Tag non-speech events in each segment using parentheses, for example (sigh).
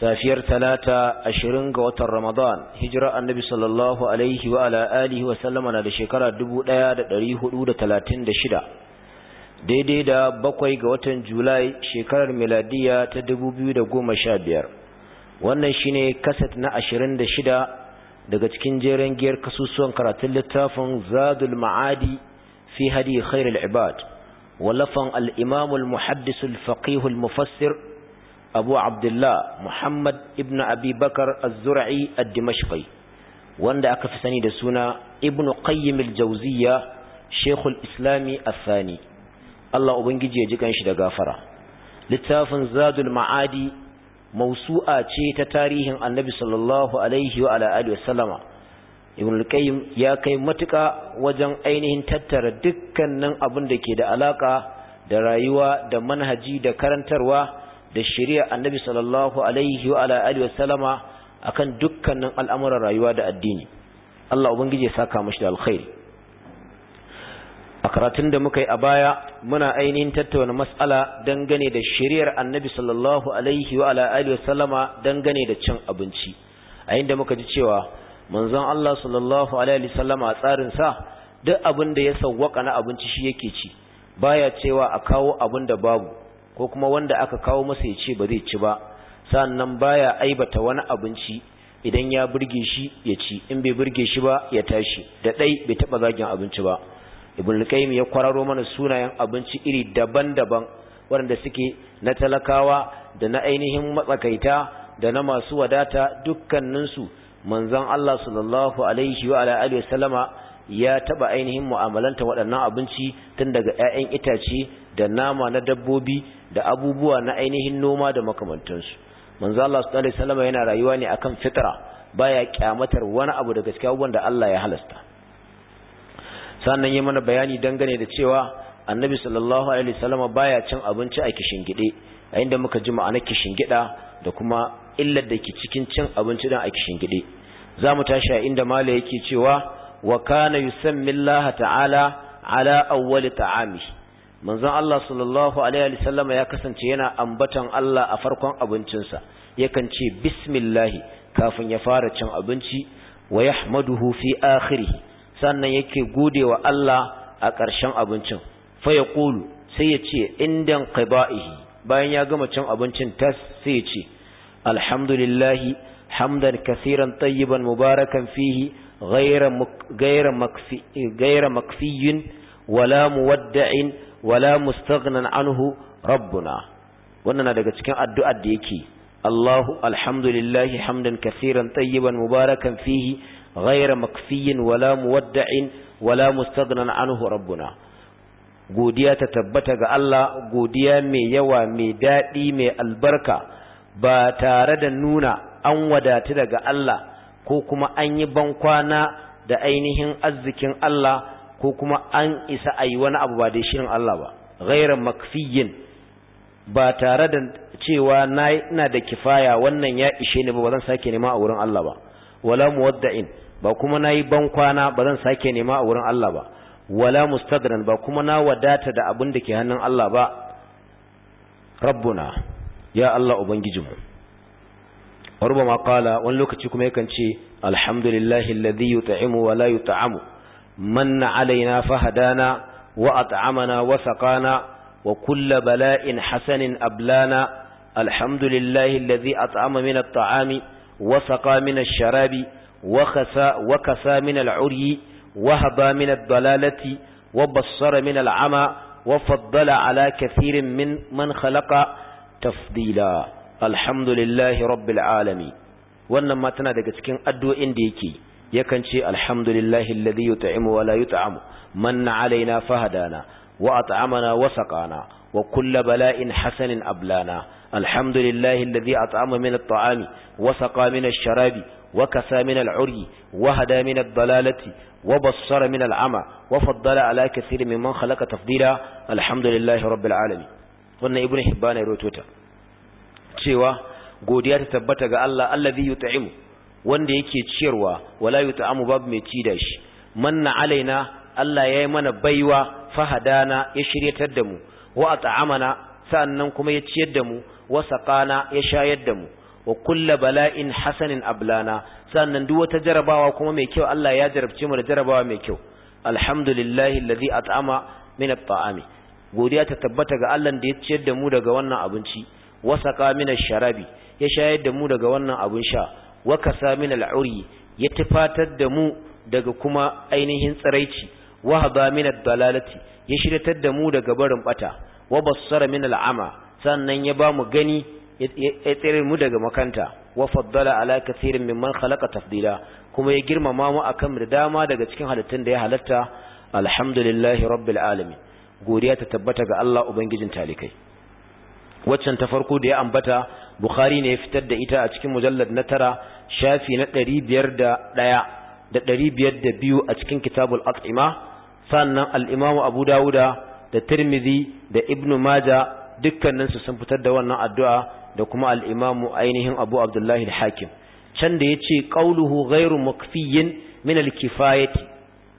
safiyar talata ashirin ga watan ramadan hijira annabi sallallahu alaihi wa ala alihi wa sallama na da shekara dubu ɗaya da ɗari hudu da talatin da shida daidai da bakwai ga watan julai shekarar miladiya ta dubu biyu da goma sha biyar wannan shine kaset na ashirin da shida daga cikin jeren giyar kasusuwan karatun littafin zadul ma'adi fi hadi khairul ibad walafan al-imamul muhaddisul faqihul mufassir abu abdullah muhammad ibn Abibakar bakar az-zur'i ad-dimashqi wanda aka fi sani da suna Ibnu qayyim al-jawziyya shaykhul islami athani Allah ubangiji ya ji kanshi da gafara littafin zadul ma'adi mausu'a ce ta tarihin annabi sallallahu alaihi wa alihi wasallama ibn al-qayyim ya kai matuka wajen ainihin tattara dukkanin abin da ke da alaka da rayuwa da manhaji da karantarwa da shari'a annabi sallallahu alaihi wa alihi wasallama akan dukkanin al'amuran rayuwa da addini Allah ubangiji ya saka mashi da alkhairi a karatun da muka yi a baya muna ainihin tattauna mas'ala dangane da shari'ar annabi sallallahu alaihi wa alihi wasallama dangane da cin abinci a inda muka ji cewa manzon Allah sallallahu alaihi wasallama a tsarin sa duk abin da ya sawwaka na abinci shi yake ci baya cewa a kawo abin da babu ko kuma wanda aka kawo masa ya ce ba zai ci ba sannan baya aibata wani abinci idan ya burge shi ya ci in bai burge shi ba ya tashi da dai bai taba zagin abinci ba ibn qayyim ya kwararo mana sunayen abinci iri daban-daban waɗanda suke na talakawa da na ainihin matsakaita da na masu wadata dukkaninsu manzon Allah sallallahu alaihi wa alihi wasallama ya taɓa ainihin mu'amalanta waɗannan abinci tun daga 'ya'yan itace da nama na dabbobi da abubuwa na ainihin noma da makamantansu manzo Allah sallallahu alaihi wasallam yana rayuwa ne akan fitra baya kyamatar wani abu daga cikin abubuwan da Allah ya halasta sannan yayi mana bayani dangane da cewa annabi sallallahu alaihi wasallam baya cin abinci a kishin gide a inda muka ji kishin gida, da kuma illar da ke cikin cin abinci dan a gide za mu tashi a inda malai yake cewa wa kana yusammi Allah ta'ala ala awwali ta'ami manzon Allah sallallahu alaihi wasallam ya kasance yana ambaton Allah a farkon abincinsa yakan ce bismillahi kafin ya fara cin abinci wa yahmaduhu fi akhirih sannan yake godewa Allah a ƙarshen abincin fa yaqulu sai ya ce indan qiba'ihi bayan ya gama cin abincin tas sai ya ce alhamdulillahi hamdan kaseeran tayyiban mubarakan fihi gaira مك wala مكفي غير مكفي wala mustaghnan anhu rabbuna wannan na daga cikin addu'a da yake Allahu alhamdulillahi hamdan kaseeran tayyiban mubarakan fihi ghayra makfiyin wala muwadda'in wala mustaghnan anhu rabbuna godiya ta tabbata ga Allah godiya mai yawa mai daɗi mai albarka ba tare da nuna an wadatu daga Allah ko kuma an yi bankwana da ainihin arzikin Allah ko kuma an isa ayi wani abu ba da shirin Allah ba ghaira makfiyin ba tare da cewa na ina da kifaya wannan ya ishe ni ba ba zan sake nema a wurin Allah ba wala muwadda'in ba kuma na yi bankwana ba zan sake nema a wurin Allah ba wala mustadran ba kuma na wadata da abin da ke hannun Allah ba rabbuna ya Allah ubangijinmu warba ma qala wani lokaci kuma yakan ce alhamdulillahi alladhi yut'imu wa la yut'amu من علينا فهدانا وأطعمنا وسقانا وكل بلاء حسن أبلانا الحمد لله الذي أطعم من الطعام وسقى من الشراب وخسى وكسى من العري وهبى من الضلالة وبصر من العمى وفضل على كثير من من خلق تفضيلا الحمد لله رب العالمين wannan ma tana daga cikin addu'o'in da yake yakan ce alhamdulillahi alladhi yut'imu wa la yut'am manna alaina fahadana wa at'amana wa saqana wa kullu bala'in hasanin ablana alhamdulillahi alladhi at'ama min at-ta'ami wa saqa min ash-sharabi wa kasa min al-'uryi wa hada min ad-dalalati wa bassara min al-'ama wa faddala ala min man khalaqa tafdila alhamdulillahi rabbil alamin wannan ibnu hibban ya rawaito ta cewa godiya ta tabbata ga Allah allazi yut'imu wanda yake ciyarwa wala yut'amu babu mai ci da shi manna alaina Allah ya yi mana baiwa fahadana ya shiryatar da mu wa at'amana sannan kuma ya ciyar da mu wa saqana ya shayar da mu wa kulla bala'in hasanin ablana sannan duk wata jarabawa kuma mai kyau Allah ya jarabce mu da jarabawa mai kyau alhamdulillahi allazi at'ama min at godiya ta tabbata ga Allah da ya ciyar da mu daga wannan abinci wa saqa min sharabi ya shayar da mu daga wannan abin sha wa kasa al'uri ya tufatar da mu daga kuma ainihin tsiraici wa haba min dalalati ya shiryatar da mu daga barin bata wa bassara min al'ama sannan ya ba mu gani ya tsere mu daga makanta wa faddala ala kathirin mimman khalaqa tafdila kuma ya girmama mu akan da dama daga cikin halittun da ya halatta alhamdulillahi rabbil alamin godiya ta tabbata ga Allah ubangijin talikai waccan ta farko da ya ambata bukhari ne ya fitar da ita a cikin mujallad na tara shafi na ɗari biyar da ɗaya da ɗari biyar da biyu a cikin kitabul al'ima sannan al'imamu abu dawuda da Tirmizi da ibnu maja dukkaninsu sun fitar da wannan addu'a da kuma al'imamu ainihin abu abdullahi hakim can da ya ce ƙauluhu gairu makfiyin min alkifayati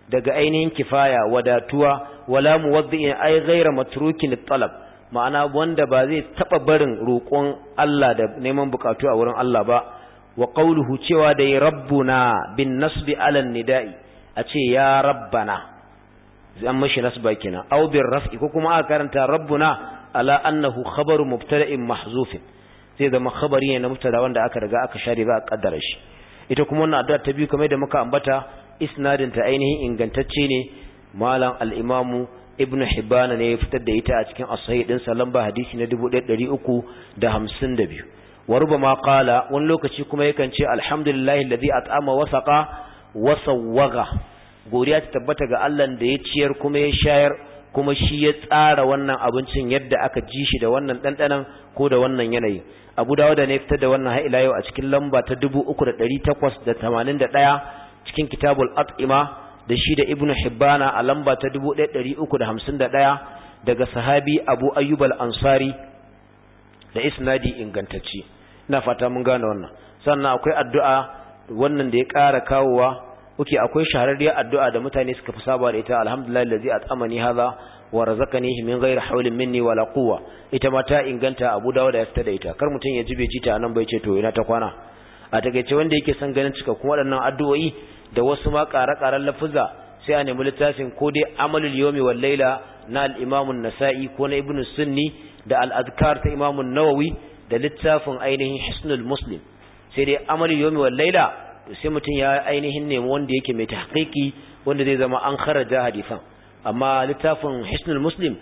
daga ainihin kifaya wadatuwa wala muwaddi'in ai gaira matrukin talab ma'ana wanda ba zai taɓa barin roƙon Allah da neman bukatu a wurin Allah ba wa qawluhu cewa da rabbuna bin nasbi ala nida'i a ce ya rabbana an mashi nasba kenan aw bir raf'i ko kuma aka karanta rabbuna ala annahu khabaru mubtada'in mahzufin zai zama khabari ne na mubtada wanda aka riga aka share ba a kaddara shi ita kuma wannan addu'a ta biyu kamar da muka ambata isnadin ta ainihin ingantacce ne malam al-imamu ibnu hibana ne ya fitar da ita a cikin as-sahih din sa lamba hadisi na 1352 wa rubama qala wani lokaci kuma yakan ce alhamdulillahi alladhi at'ama wa saqa wa sawwaga godiya ta tabbata ga Allah da ya ciyar kuma ya shayar kuma shi ya tsara wannan abincin yadda aka ji shi da wannan dandanan ko da wannan yanayi Abu Dawud ne fitar da wannan har ila yau a cikin lamba ta 3881 cikin kitabul at'ima da shi da Ibn Hibbana a lamba ta 1351 daga sahabi Abu Ayyub al-Ansari da isnadi ingantacce na fata mun gane wannan sannan akwai addu'a wannan da ya ƙara kawowa uke akwai shahararriyar addu'a da mutane suka fi saba da ita alhamdulillah allazi at'amani hadha wa razaqanihi min ghairi hawlin minni wala quwwa ita mata inganta Abu Dawud ya fita da ita kar mutun ya jibe jita nan bai ce to ina ta kwana a takeice wanda yake son ganin cika kuma waɗannan addu'o'i da wasu ma ƙara-ƙaran lafuzza sai a nemi littafin ko dai amalul yawmi wal laila na al nasai ko na Ibn Sunni da al-Adhkar ta Imam nawawi da littafin ainihin hisnul muslim sai dai amali yomi wal laila sai mutum ya ainihin ne wanda yake mai tahqiqi wanda zai zama an kharaja hadifan amma littafin hisnul muslim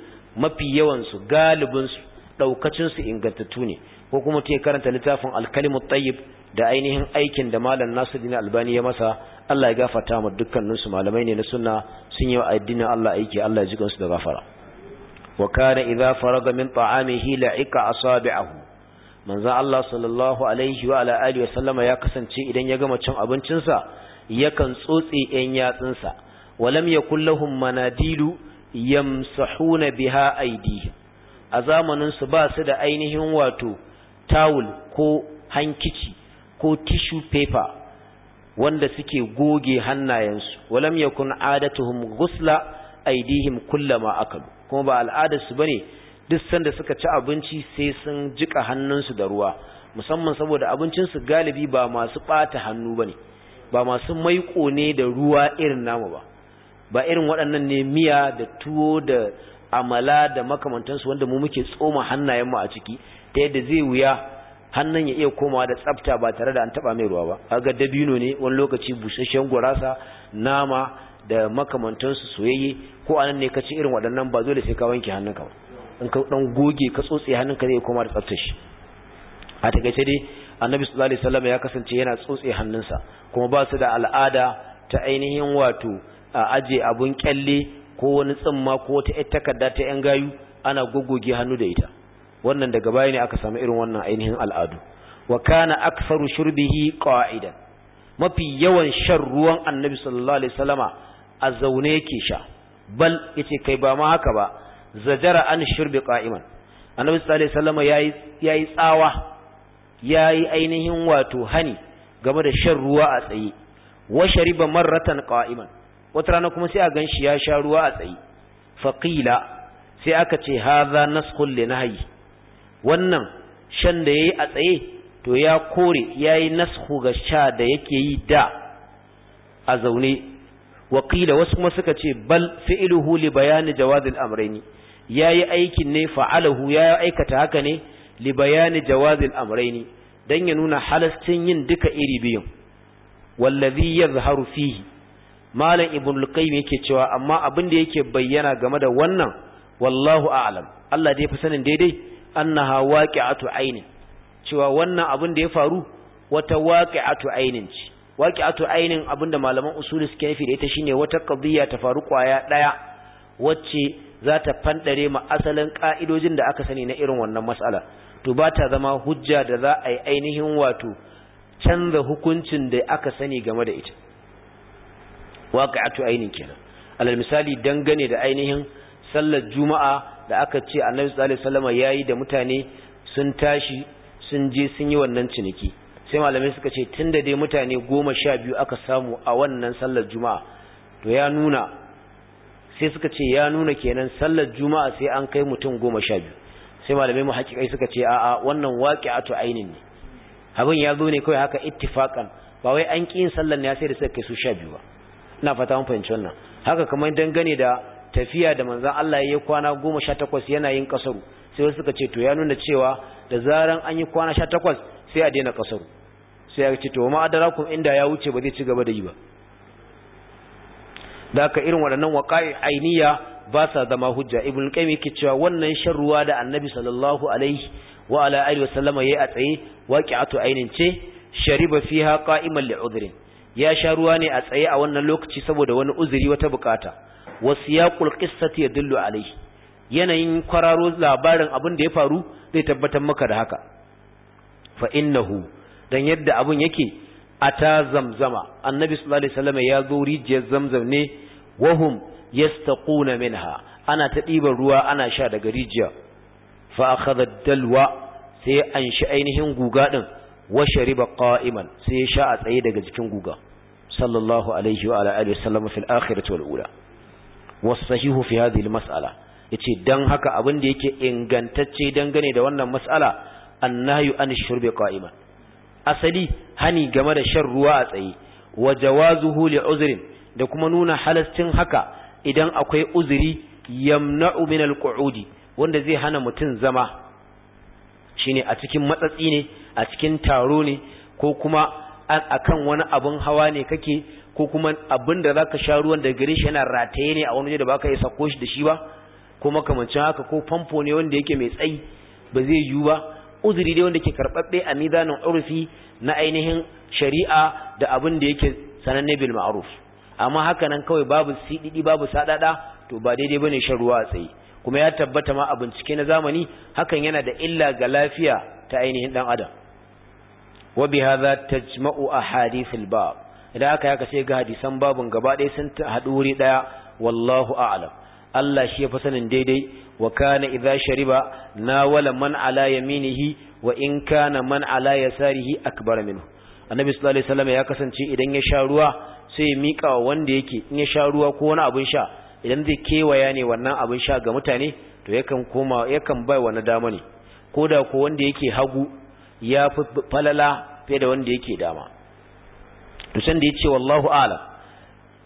mafi yawan su galibin su daukacin su ingantattu ne ko kuma mutum ya karanta littafin al-kalimut tayyib da ainihin aikin da malam Nasiruddin Albani ya masa Allah ya gafarta mu dukkanin su malamai ne na sunna sun yi addinin Allah aiki Allah ya jikan su da gafara wa kana idza faraga min ta'amihi la'ika asabi'ahu manzo Allah sallallahu alaihi wa ala alihi wa sallama ya kasance idan ya gama cin abincinsa yakan tsotse yan wa walam yakul lahum manadilu yamsahuna biha aidihim a zamanin su ba su da ainihin wato tawul ko hankici ko tissue paper wanda suke goge hannayensu walam yakun adatuhum ghusla aidihim kullama akalu kuma ba al'adarsu bane duk sanda suka ci abinci sai sun jika hannunsu da ruwa musamman saboda abincinsu galibi ba masu ɓata hannu ba ne ba masu maiko ne da ruwa irin namu ba ba irin waɗannan ne miya da tuwo da amala da makamantansu wanda mu muke tsoma hannayenmu a ciki ta yadda zai wuya hannun ya iya komawa da tsafta ba tare da an taɓa mai ruwa ba ga dabino ne wani lokaci busasshen gurasa nama da makamantansu soyayye ko anan ne ka ci irin waɗannan ba dole sai ka wanke hannunka ba in ka dan goge ka tsotse hannunka zai koma da tsaftar shi a takaice dai annabi sallallahu alaihi wasallam ya kasance yana tsotse hannunsa kuma ba su da al'ada ta ainihin wato a aje abun kyalle ko wani tsimma ko wata ƴar takarda ta ƴan gayu ana goggoge hannu da ita wannan daga baya ne aka samu irin wannan ainihin al'adu wa kana aktharu shurbihi qa'idan mafi yawan shan ruwan annabi sallallahu alaihi wasallama a zaune yake sha bal yace kai ba ma haka ba zajara an shirbi qa'iman annabi sallallahu alaihi wasallam yayi yayi tsawa yayi ainihin wato hani game da shan ruwa a tsaye wa shariba marratan qa'iman wata rana kuma sai a ganshi ya sha ruwa a tsaye faqila sai aka ce hadha naskhul linahyi wannan shan da yayi a tsaye to ya kore yayi naskhu ga sha da yake yi da a zaune waƙila wasu kuma suka ce bal fi'iluhu li bayani jawadil amraini Ya yi aikin ne fa'alahu ya aikata haka ne li bayani jawazil don dan ya nuna halastin yin duka iri biyun wallazi zaharu fihi malam ibn lukai yake cewa amma abin da yake bayyana game da wannan wallahu a'lam Allah dai fi sanin daidai annaha waqi'atu ainin cewa wannan abin da ya faru wata waqi'atu ainin ce waqi'atu ainin abinda malaman usuli suke nufi da ita shine wata qadiyya ta faru kwaya ɗaya wacce za ta fanɗare ma asalin ka'idojin da aka sani na irin wannan matsala to ba ta zama hujja da za a yi ainihin wato canza hukuncin da aka sani game da ita a ainin kenan alal misali dangane da ainihin sallar juma'a da aka ce annabi sallallahu alaihi wasallam yayi da mutane sun tashi sun je sun yi wannan ciniki sai malamai suka ce tunda dai mutane goma sha biyu aka samu a wannan sallar juma'a to ya nuna sai suka ce ya nuna kenan sallar juma'a sai an kai mutum goma sha biyu sai malamai mu hakikai suka ce a'a wannan waƙi a to ainihin ne abin ya zo ne kawai haka ittifakan ba wai an ƙi yin sallar ne sai da suka kai su sha biyu ba ina fata mun fahimci wannan haka kamar dangane da tafiya da manzon Allah ya yi kwana goma sha takwas yana yin kasaru sai wasu suka ce to ya nuna cewa da zaran an yi kwana sha takwas sai a daina kasaru sai ya ce to ma adarakum inda ya wuce ba zai ci gaba da yi ba da haka irin waɗannan waƙa'i ainiya ba sa zama hujja ibn qayyim yake cewa wannan sharruwa da annabi sallallahu alaihi wa ala alihi wa sallama yayi a tsaye waqi'atu ainin ce shariba fiha qa'iman li udhrin ya sharuwa ne a tsaye a wannan lokaci saboda wani uzuri wata bukata wasiyaqul qissati yadullu alaihi yanayin kwararo labarin abin da ya faru zai tabbatar maka da haka fa innahu dan yadda abun yake A ta zamzama annabi sallallahu alaihi wasallam ya zo rijiyar zamzam ne wahum yastaquna minha ana ta ɗiban ruwa ana sha daga rijiya fa akhadha dalwa sai an shi ainihin guga din wa shariba qa'iman sai ya sha a tsaye daga jikin guga sallallahu alaihi wa ala alihi wasallam fil akhirati wal ula wasahihu fi hadhihi al mas'ala yace dan haka abin da yake ingantacce dangane da wannan mas'ala annahyu an shurbi qa'iman asali hani game da shan ruwa a tsaye wa jawazuhu li uzrin da kuma nuna halastin haka idan akwai uzuri yamna'u min alqu'udi wanda zai hana mutum zama shine a cikin matsatsi ne a cikin taro ne ko kuma akan wani abun hawa ne kake ko kuma abin da zaka sha ruwan da gare shi yana rataye ne a wani waje da baka iya sako shi da shi ba ko makamancin haka ko famfo ne wanda yake mai tsayi ba zai yiwu ba uzuri dai wanda ke karɓaɓɓe a mizanin urfi na ainihin shari'a da abin da yake sananne bil ma'ruf amma hakanan kawai babu sididi babu sadada to ba daidai bane shan ruwa a tsaye kuma ya tabbata ma a bincike na zamani hakan yana da illa ga lafiya ta ainihin dan adam wa bi hadha tajma'u ahadithul bab idan aka yaka sai ga hadisan babun gaba ɗaya sun haɗu wuri ɗaya wallahu a'lam Allah shi ya fi sanin daidai wa kana idza shariba na wala man ala yaminihi wa in kana man ala yasarihi akbar minhu annabi sallallahu alaihi wasallam ya kasance idan ya sha ruwa sai ya mika wa wanda yake in ya sha ruwa ko wani abin sha idan zai kewaya ne wannan abin sha ga mutane to yakan koma yakan bai wani dama ne ko da ko wanda yake hagu ya fi falala fiye da wanda yake dama to san da yace wallahu a'lam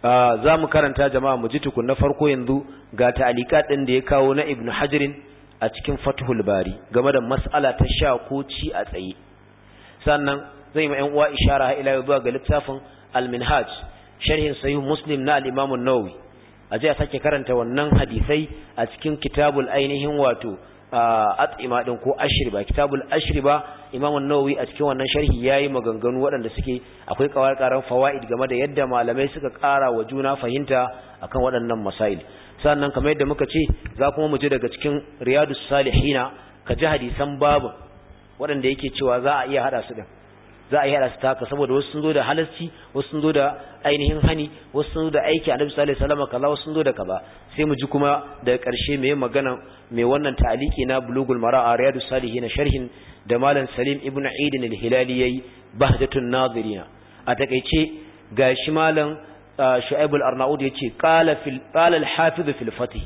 Ah, za mu karanta jama'a mu ji tukun na farko yanzu ga ta'alika ɗin da ya kawo na ibn hajirin a cikin fathul bari game da mas'ala ta sha ko ci a tsaye sannan zai ma 'yan uwa ishara ha ila zuwa ga littafin al-minhaj sharhin sahih muslim na al-imam an-nawawi a je a sake karanta wannan hadisai a cikin kitabul ainihin wato ah, at'ima din ko ashriba kitabul ashriba Imam An-Nawawi a cikin wannan sharhi yayi maganganu waɗanda suke akwai kawarkaran fawaid game da yadda malamai suka ƙara wa juna fahimta akan waɗannan masail sannan kamar yadda muka ce za kuma mu je daga cikin Riyadus salihina ka ji hadisan babu waɗanda yake cewa za a iya hada su din za a yi hada ta haka saboda wasu sun zo da halarci wasu sun zo da ainihin hani wasu sun zo da aiki annabi sallallahu alaihi wasallam kaza wasu sun zo da kaza sai mu ji kuma da karshe mai magana mai wannan ta'aliki na bulugul mara'a salihi salihin sharhin da malam salim ibnu aidin al-hilali yayi bahdatun nazirina a takeice gashi malam shu'aib al-arnaud yace qala fil qala al-hafiz fil fatih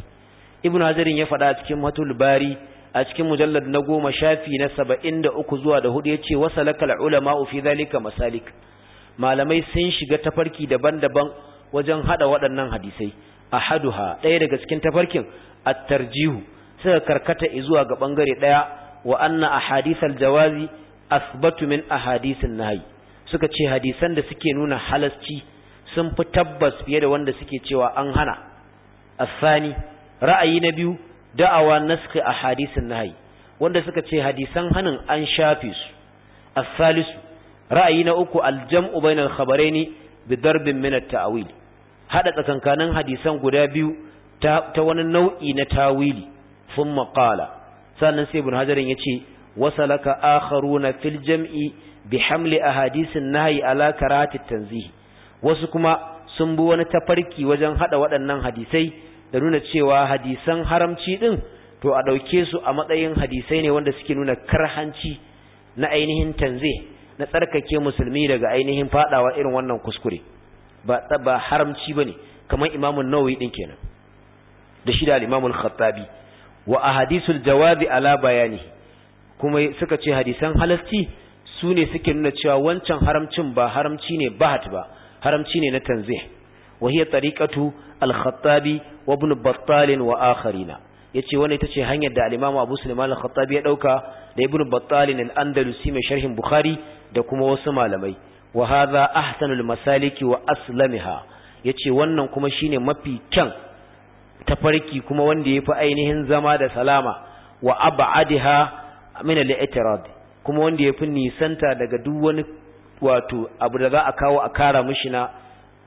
ibnu hazarin ya faɗa cikin matul bari a cikin mujallar na goma shafi na saba'in da uku zuwa da hudu ya ce wasa lakal ulama fi zalika masalik malamai sun shiga tafarki daban-daban wajen haɗa waɗannan hadisai a hadu ha ɗaya daga cikin tafarkin a tarjihu suka karkata zuwa ga ɓangare ɗaya wa anna hadisar jawazi asbatu min na nahyi suka ce hadisan da suke nuna halasci sun fi tabbas fiye da wanda suke cewa an hana asani ra'ayi na biyu da'awa naskhi ahadisin nahyi wanda suka ce hadisan hanin an shafe su as-salis ra'ayi na uku al-jam'u al khabaraini bi darbin min at-ta'wil hada tsakankanin hadisan guda biyu ta, wani nau'i na tawili thumma qala sannan sai ibn hajarin yace wasalaka akharuna fil jam'i bi hamli ahadisin nahyi ala karatit tanzih wasu kuma sun bi wani tafarki wajen hada waɗannan hadisai da nuna cewa hadisan haramci din to a ɗauke su a matsayin hadisai ne wanda suke nuna karhanci na ainihin tanze na tsarkake musulmi daga ainihin fadawa irin wannan kuskure ba ba haramci bane kamar imamun Nawawi din kenan da shi da Imam khattabi wa ahadithul jawabi ala bayani kuma suka ce hadisan halasci su ne suke nuna cewa wancan haramcin ba haramci ne bahat ba haramci ne na tanzih wa hiya tariqatu al-khattabi wa ibn battal wa akharina yace wannan ita ce hanyar da al-imamu abu sulaiman al-khattabi ya dauka da ibn battal al-andalusi mai sharhin bukhari da kuma wasu malamai wa hadha ahsanul masaliki wa aslamiha yace wannan kuma shine mafi kyan tafarki kuma wanda yafi ainihin zama da salama wa ab'adha min al-i'tirad kuma wanda yafi nisanta daga duk wani wato abu da za a kawo a kara mishi na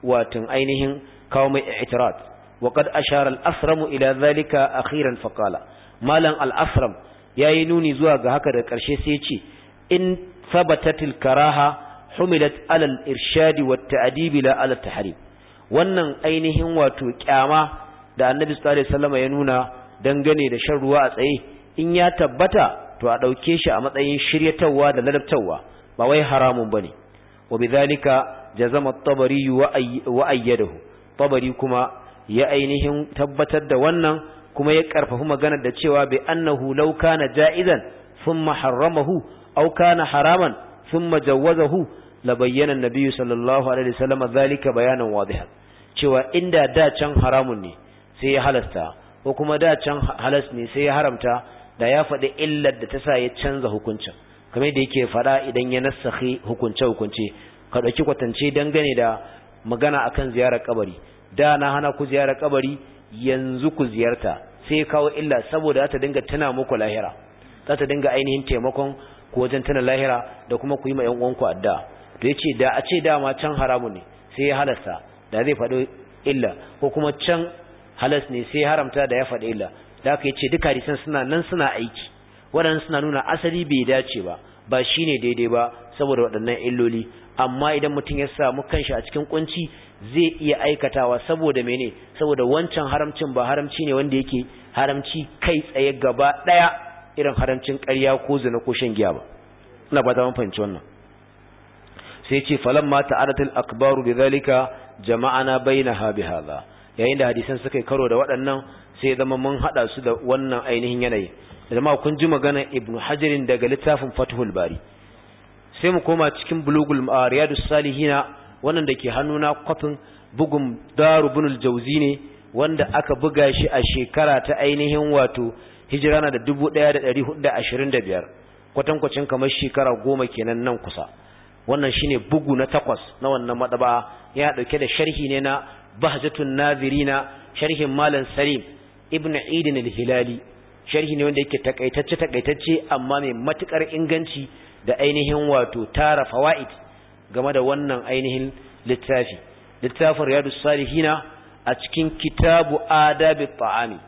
watan ainihin kawo mai i'tirad wa qad ashara al-asram ila zalika akhiran fa qala malam al-asram yayi nuni zuwa ga haka da karshe sai ya ce in thabatat al-karaha humilat ala al-irshad wa at-ta'dib la ala at-tahrim wannan ainihin wato kyama da annabi sallallahu alaihi wasallam ya nuna dangane da shan ruwa a tsaye in ya tabbata to a dauke shi a matsayin shiryatawa da ladabtawa ba wai haramun bane وبذلك جزم الطبري وأيده tabari kuma ya ainihin tabbatar da wannan kuma ya karfafi maganar da cewa bai annahu law kana ja'izan sun maharramahu aw kana haraman sun majawazahu la bayyana an-nabiy sallallahu alaihi wasallam zalika bayanan wadihan cewa inda da can haramun ne sai ya halasta ko kuma da can halas ne sai ya haramta da ya faɗi illar da ta sa ya canza hukuncin kamar da yake faɗa idan ya nassahi hukunce hukunce ka ɗauki kwatance dangane da magana akan ziyarar kabari da na hana ku ziyarar kabari yanzu ku ziyarta sai kawo illa saboda za ta dinga tana muku lahira za ta dinga ainihin taimakon ku wajen tana lahira da kuma ku yi ma yan uwanku adda da yace da a ce dama can haramun ne sai ya halasta da zai faɗi illa ko kuma can halas ne sai haramta da ya faɗi illa da aka yace duka hadisan suna nan suna aiki wadannan suna nuna asali bai dace ba ba shine daidai ba saboda waɗannan illoli amma idan mutum ya samu kanshi a cikin kunci zai iya aikatawa saboda mene saboda wancan haramcin ba haramci ne wanda yake haramci kai tsaye gaba ɗaya irin haramcin ƙarya ko zina ko shan giya ba ina ba ta mun fahimci wannan sai ce falamma jama'a akbaru bidhalika jama'ana bainaha bihadha yayin da hadisan suka karo da waɗannan sai zama mun haɗa su da wannan ainihin yanayi da kun ji magana ibnu hajarin daga littafin fathul bari sai mu koma cikin bulugul ah, riyadus salihina wannan da ke hannuna kwafin bugun daru bunul jauzi ne wanda aka buga shi a shekara ta ainihin wato hijira na da da biyar kwatankwacin kamar shekara goma kenan nan kusa wannan shine bugu na takwas na wannan madaba ya ɗauke da sharhi ne na bahjatun nazirina sharhin malam salim ibn idin al-hilali sharhi ne wanda yake takaitacce takaitacce amma mai matukar inganci da ainihin wato tara fawaid game da wannan ainihin littafi littafin riyadus salihina a cikin kitabu adabi ta'ami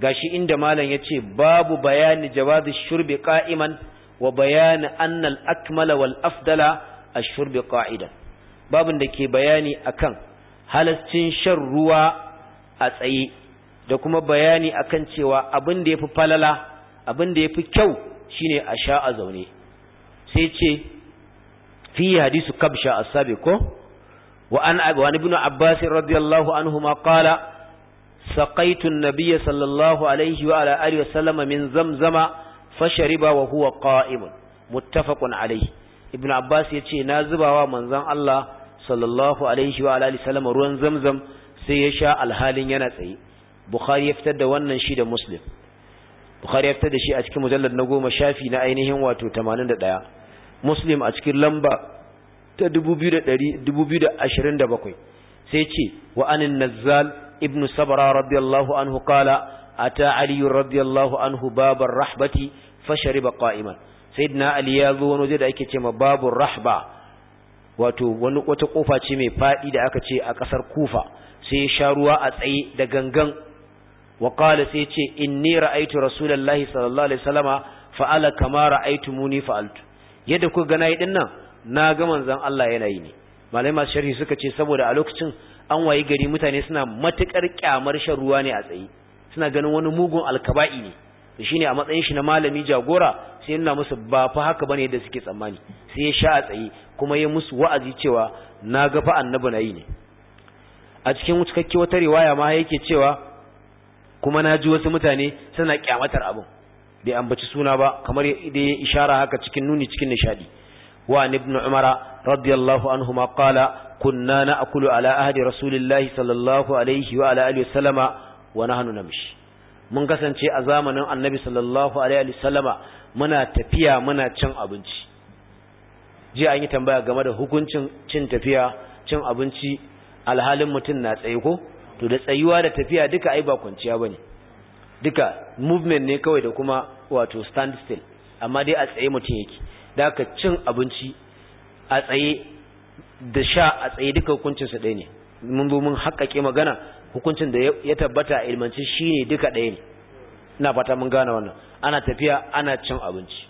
gashi inda malam yace babu bayani jawazi shurbi qa'iman wa bayani anna al-akmala wal afdala ash-shurbi qa'idan babin da ke bayani akan halascin shan ruwa a tsaye da kuma bayani akan cewa abin da yafi falala abin da yafi kyau shine a sha a zaune sai ce fi hadisu kabsha asabi ko wa ibn abbas radiyallahu anhu ma kala saqaitu nabiya sallallahu alaihi wa ala alihi wa sallama min zamzama fashariba wa huwa qa'im muttafaqun alaihi ibn abbas ya ce na zubawa manzon Allah sallallahu alaihi wa ala alihi sallama ruwan zamzam sai ya sha alhalin yana tsaye bukhari ya fitar da wannan shi da muslim bukhari ya fitar da shi a cikin mujallar na goma shafi na ainihin wato 81 muslim a cikin lamba ta 2227 sai ce wa anin nazzal ibnu sabra radiyallahu anhu a ta ali radiyallahu anhu babar rahbati fashariba qa'iman sayyidina ali ya zo wani waje da ake ma babur rahba wato wani wata kofa ce mai faɗi da aka ce a ƙasar kufa sai sha ruwa a tsaye da gangan wa qala sai ce in ni ra'aitu rasulullahi sallallahu alaihi wasallama fa'ala kama ra'aitu muni fa'altu yadda ku gana yi dinnan na ga manzon Allah yana yi ne malai masu sharhi suka ce saboda a lokacin an wayi gari mutane suna matukar kyamar shan ruwa ne a tsaye suna ganin wani mugun alkaba'i ne to shine a matsayin shi na malami jagora sai yana musu ba fa haka bane yadda suke tsammani sai ya sha a tsaye kuma ya musu wa'azi cewa na ga fa annabi na yi ne a cikin cikakke wata riwaya ma yake cewa kuma na ji wasu mutane suna kyamatar abin bai ambaci suna ba kamar da ya ishara haka cikin nuni cikin nishadi wa ibn umar radiyallahu anhu ma qala kunna na'kulu ala ahdi rasulillahi sallallahu alaihi wa ala alihi wasallama wa nahnu namshi mun kasance a zamanin annabi sallallahu alaihi wasallama muna tafiya muna cin abinci ji an yi tambaya game da hukuncin cin tafiya cin abinci alhalin mutum na tsaye ko to da tsayuwa da tafiya duka ai ba kwanciya bane duka movement ne kawai da kuma wato stand still amma dai a tsaye mutum yake da aka cin abinci a tsaye da sha a tsaye duka hukuncinsa ɗaya ne mun zo mun haƙaƙe magana hukuncin da ya tabbata a ilmanci shine duka ɗaya ne ina fata mun gane wannan ana tafiya ana cin abinci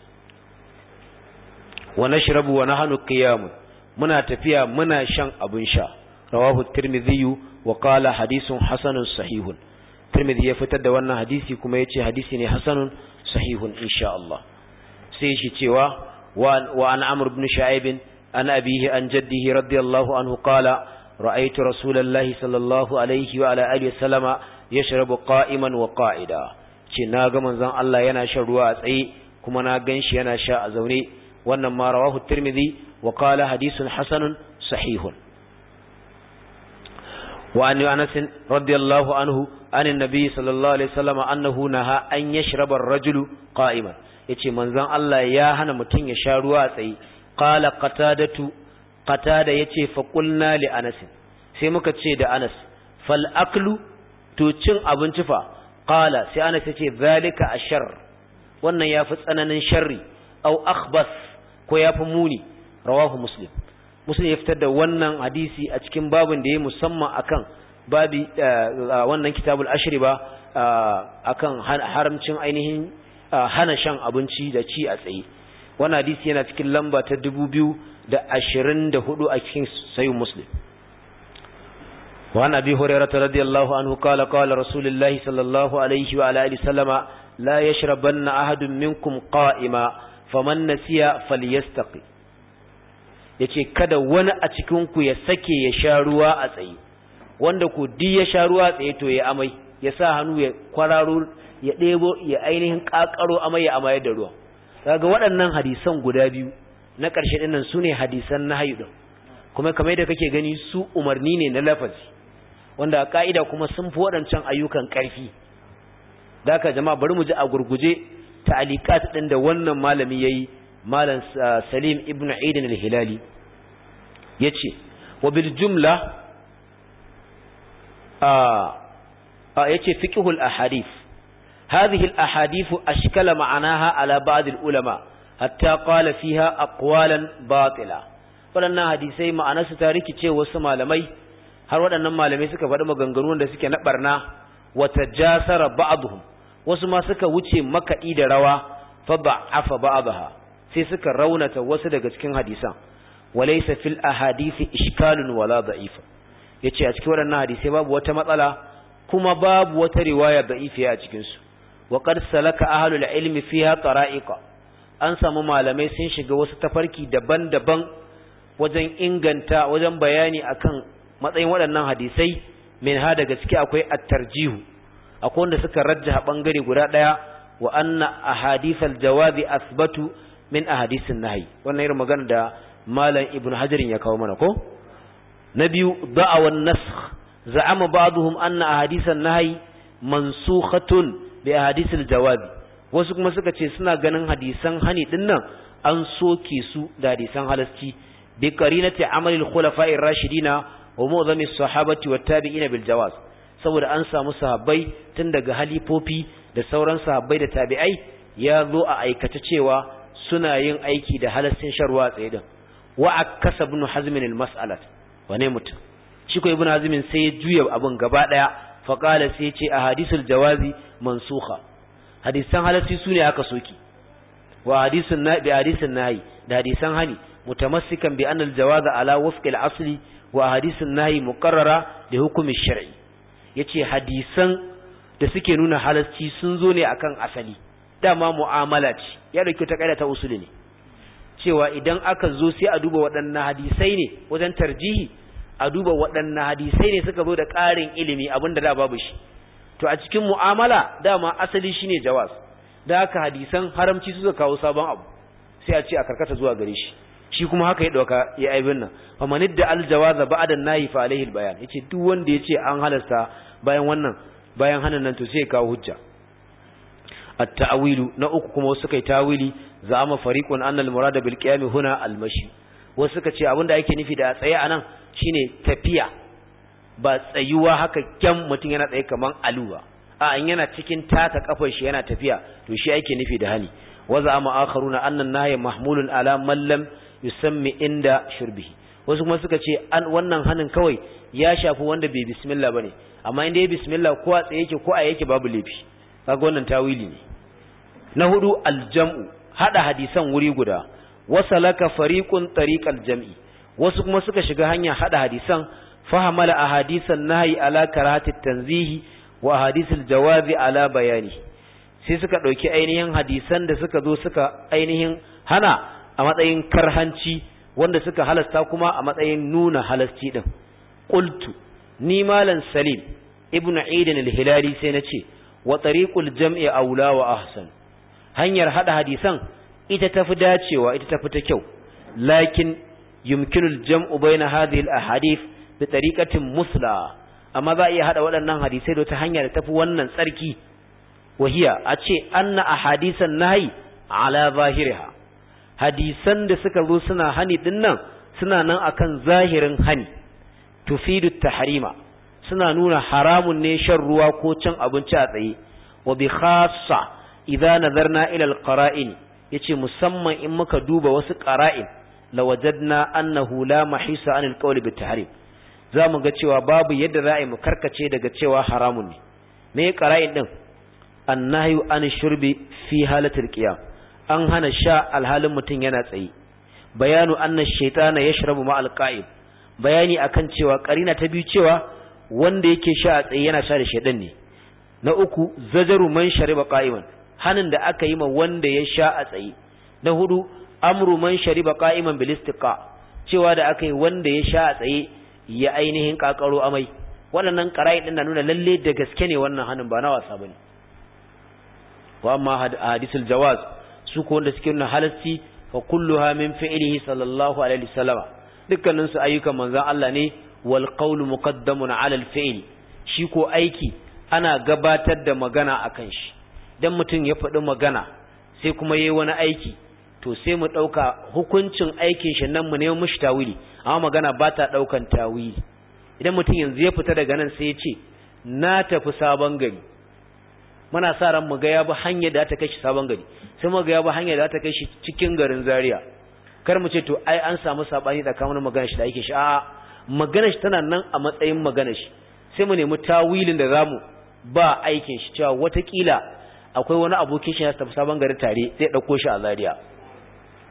wa nashrabu wa nahnu qiyam muna tafiya muna shan abin sha rawahu tirmidhi wa qala hadithun hasanun sahihun Tirmidhi ya fitar da wannan hadisi kuma ce hadisi ne hasanun sahihun insha Allah sai shi cewa wa an amr ibn an abihi an jaddihi radiyallahu anhu qala ra'aytu rasulallahi sallallahu alaihi wa ala alihi wasallama yashrabu qa'iman wa qa'ida ce ga manzon Allah yana shan ruwa a tsaye kuma na ganshi yana sha a zaune wannan ma rawahu tirmidhi wa qala hadithun hasanun sahihun وعن أنس رضي radiyallahu anhu. an nabi sallallahu alaihi wasallam annahu naha an yashraba ar-rajulu qa'iman yace manzon Allah ya hana mutun ya sha ruwa a tsaye qala qatadatu qatada yace fa qulna li anas sai muka ce da anas fal aklu to cin abinci fa qala sai anas yace zalika ashar wannan yafi tsananin sharri aw akhbas ko yafi muni rawahu muslim muslim ya fitar da wannan hadisi a cikin babin da ya musamman akan babi eh, wannan kitabul ashri ba akan haramcin ainihin hana shan abinci da ci a tsaye wannan hadisi yana cikin lamba ta 2024 a cikin sayyid muslim وعن أبي هريرة رضي الله عنه قال قال رسول الله صلى الله عليه وعلى آله وسلم لا يشربن أحد منكم قائما فمن نسي فليستقي yace kada wani a cikinku ya sake ya sha ruwa a tsaye wanda ko di ya sha ruwa tsaye to ya amai ya sa hannu ya kwararo ya ɗebo ya ainihin ƙaƙaro amai ya amayar da ruwa daga waɗannan hadisan guda biyu na ƙarshe ɗinnan su ne hadisan na haihu kuma kamar da kake gani su umarni ne na lafazi wanda a ƙa'ida kuma sun fi waɗancan ayyukan ƙarfi da haka jama'a bari mu ji a gurguje ta alikat ɗin da wannan malami ya yi malam salim ibn aidin al-hilali ya ce wa bil jumla yace fiqhul ahadith hadhihi al ahadith ashkala ma'anaha ala ba'd ulama hatta qala fiha aqwalan batila waɗannan hadisai ma'anarsu ta rikice wasu malamai har waɗannan malamai suka faɗi maganganun da suke na barna wata jasara ba'aduhum wasu ma suka wuce makaɗi da rawa fa ba'afa ba'daha sai suka raunata wasu daga cikin hadisan walaysa fil ahadisi ishkalun wala da'ifa Ya ce a cikin waɗannan hadisai babu wata matsala kuma babu wata riwaya ifiya a cikinsu su wa qad salaka ahlul ilmi haƙa tara'iqa an samu malamai sun shiga wasu tafarki daban-daban wajen inganta wajen bayani akan matsayin waɗannan hadisai min ha daga ciki akwai attarjihu akwai wanda suka rajja bangare guda ɗaya wa anna ahadithal jawabi asbatu min ahadisin nahi wannan irin magana da malam ibnu hajarin ya kawo mana ko na biyu da'awan nasakh za'ama ba'dhum anna ahadisan nahyi mansukhatun bi ahadisil jawabi wasu kuma suka ce suna ganin hadisan hani dinnan an soke su da hadisan halasci bi qarinati amalil khulafa'ir rashidina wa mu'zami sahabati wat tabi'ina bil jawaz saboda an samu sahabbai tun daga halifofi da sauran sahabbai da tabi'ai ya zo a aikata cewa suna yin aiki da halascin sharwa tsaye din wa akasa ibn hazm al wane mutum shi ko ibn azumin sai ya juya abin gaba daya qala sai ya ce a jawazi mansukha hadisan halasi sune aka soki wa hadisun na bi hadisun nahi da hadisan hani mutamassikan bi anal jawaza ala wafqil asli wa hadisun nahi muqarrara da hukumin shar'i yace hadisan da suke nuna halasci sun zo ne akan asali dama mu'amala ce ya dauki ta kaida ta usuli ne cewa idan aka zo sai a duba waɗannan hadisai ne wajen tarjihi a duba waɗannan hadisai ne suka zo da ƙarin ilimi abinda da babu shi to a cikin mu'amala dama asali shine jawaz da haka hadisan haramci suka kawo sabon abu sai a ce a karkata zuwa gare shi shi kuma haka ya dauka ya aibin nan fa manidda da al jawaza ba'da nahi fa alaihi al bayan yace duk wanda yace an halasta bayan wannan bayan hanan nan to sai kawo hujja at ta'wilu na uku kuma wasu yi tawili za'ama fariqun annal murada bil qiyam huna al-mashi wasu suka ce abinda ake nufi da tsaye anan shine tafiya ba tsayuwa haka kyan mutum yana tsaye kaman aluwa a an yana cikin taka kafar shi yana tafiya to shi ake nufi da hali. wa za'ama akharuna annan an mahmulun ala man lam yusammi inda shurbihi wasu kuma suka ce an wannan hanin kawai ya shafi wanda bai bismillah bane amma inda ya bismillah ko a tsaye yake ko a yake babu lafi kaga wannan tawili ne na hudu aljam'u hada hadisan wuri guda wasalaka fariƙun tariqal jam'i wasu kuma suka shiga hanyar hada hadisan fahamala ahadisan nahyi ala karahati tanzihi wa hadisar jawabi ala bayani sai suka ɗauki ainihin hadisan da suka zo suka ainihin hana a matsayin karhanci wanda suka halasta kuma a matsayin nuna halasci ɗin ƙultu ni malam salim ibnu aidan al-hilali sai ce wa tariqul jam'i aula wa ahsan hanyar hada hadisan ita tafi dacewa ita tafi ta kyau lakin yumkinul jam'u baina hadhihi al-ahadith bi tariqatin musla amma za a iya hada waɗannan hadisai da ta hanyar da tafi wannan tsarki wahiya a ce anna ahadisan nahi ala zahiriha hadisan da suka zo suna hani dinnan suna nan akan zahirin hani tufidu tahrima suna nuna haramun ne shan ruwa ko cin abinci a tsaye wa bi khassa idza nazarna ila alqara'in yace musamman in muka duba wasu qara'in lawajadna annahu la mahisa anil qawli tahrim zamu ga cewa babu yadda za'i mu karkace daga cewa haramun ne me qara'in din annahyu an shurbi fi halatil qiyam an hana sha alhalin mutun yana tsayi bayanu anna shaytana yashrabu ma alqa'im bayani akan cewa karina ta biyu cewa wanda yake sha a tsaye yana sha da shaydan ne na uku zajaru man shariba qa'iman hanin da aka yi ma wanda ya sha a tsaye na hudu amru man shariba qa'iman bil istiqa cewa da aka yi wanda ya sha a tsaye ya ainihin kakaro amai waɗannan qarai din na nuna lalle da gaske ne wannan hanin ba na wasa bane wa amma hadisul jawaz su ko wanda suke nuna halasci fa kulluha min fi'lihi sallallahu alaihi wasallam dukkanin su ayyukan manzan Allah ne wal qawlu muqaddamun ala al fi'l shi ko aiki ana gabatar da magana akan shi dan mutum ya faɗi magana sai kuma yayi wani aiki to sai mu ɗauka hukuncin aikin shi nan mu nemi mishi tawili amma magana ba ta ɗaukan tawili idan mutum yanzu ya fita daga nan sai ya ce na tafi sabon gari muna sa ran mu ga ya bi hanyar da ta kai shi sabon gari sai mu ga ya bi hanyar da ta kai shi cikin garin Zaria kar mu ce to ai an samu sabani tsakanin magana shi da aikin shi a'a magana shi tana nan a matsayin magana shi sai mu nemi tawilin da zamu ba aikin shi cewa watakila akwai wani abokin shi ya tafi sabon gari tare zai dauko shi a Zariya.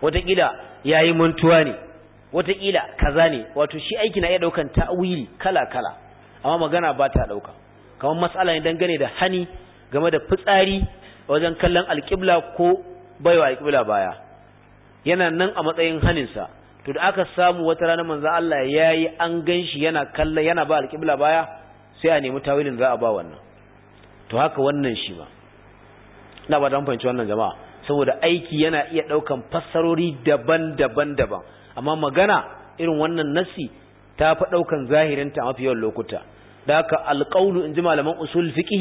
wataƙila yayi mantuwa ne wataƙila kaza ne wato shi aiki na iya daukan tawili kala kala amma magana ba ta ɗauka kamar matsala ne dangane da hani game da fitsari wajen kallon alƙibla ko baiwa alƙibla baya yana nan a matsayin haninsa to da aka samu wata rana manzo Allah ya yayi an ganshi yana kallon yana ba alƙibla baya sai a nemi tawilin za a ba wannan to haka wannan shi ba ina ba dan fahimci wannan jama'a saboda aiki yana iya daukan fassarori daban-daban daban amma magana irin wannan nasi ta fa daukan zahirin ta mafi yawan lokuta da haka alqaulu inji malaman usul fiqh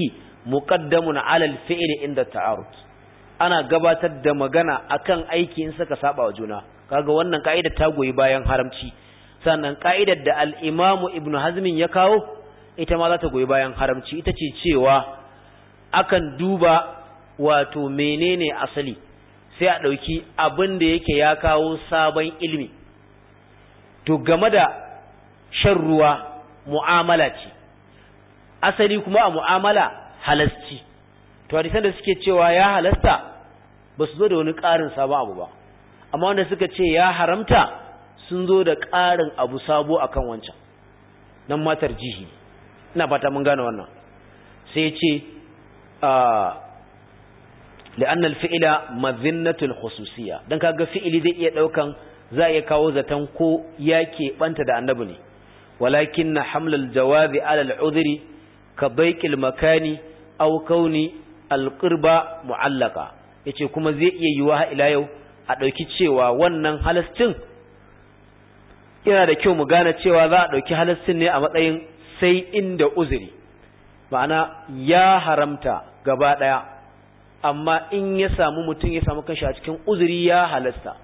muqaddamun ala al-fi'li inda ta'arud ana gabatar da magana akan aiki in saka saba wa juna kaga wannan kaida ta goyi bayan haramci sannan ka'idar da al-imamu ibnu hazmin ya kawo ita ma za ta goyi bayan haramci ita ce cewa akan duba wato menene asali sai a ɗauki abin da yake ya kawo sabon ilimi to game da shan ruwa mu'amala ce asali kuma a mu'amala halasci to hadisan da suke cewa ya halasta ba su zo da wani ƙarin sabon abu ba amma wanda suka ce ya haramta sun zo da ƙarin abu sabo akan wancan nan matar jihi ina fata mun gane wannan sai ce ah, لأن الفئل مذنة الخصوصية دان كاغا فئل زي iya daukan za ya kawo zaton ko yake banta da annabi ne walakin haml aljawab alal al'udhri ka baiqil makani aw kauni alqurba mu'allaqa yace kuma zai iya yiwa ila yau a ɗauki cewa wannan halastin yana da kyau mu gane cewa za a ɗauki halastin ne a matsayin sai inda uzuri ma'ana ya haramta gaba ɗaya. amma in ya samu mutum ya samu kanshi a cikin uzuri ya halasta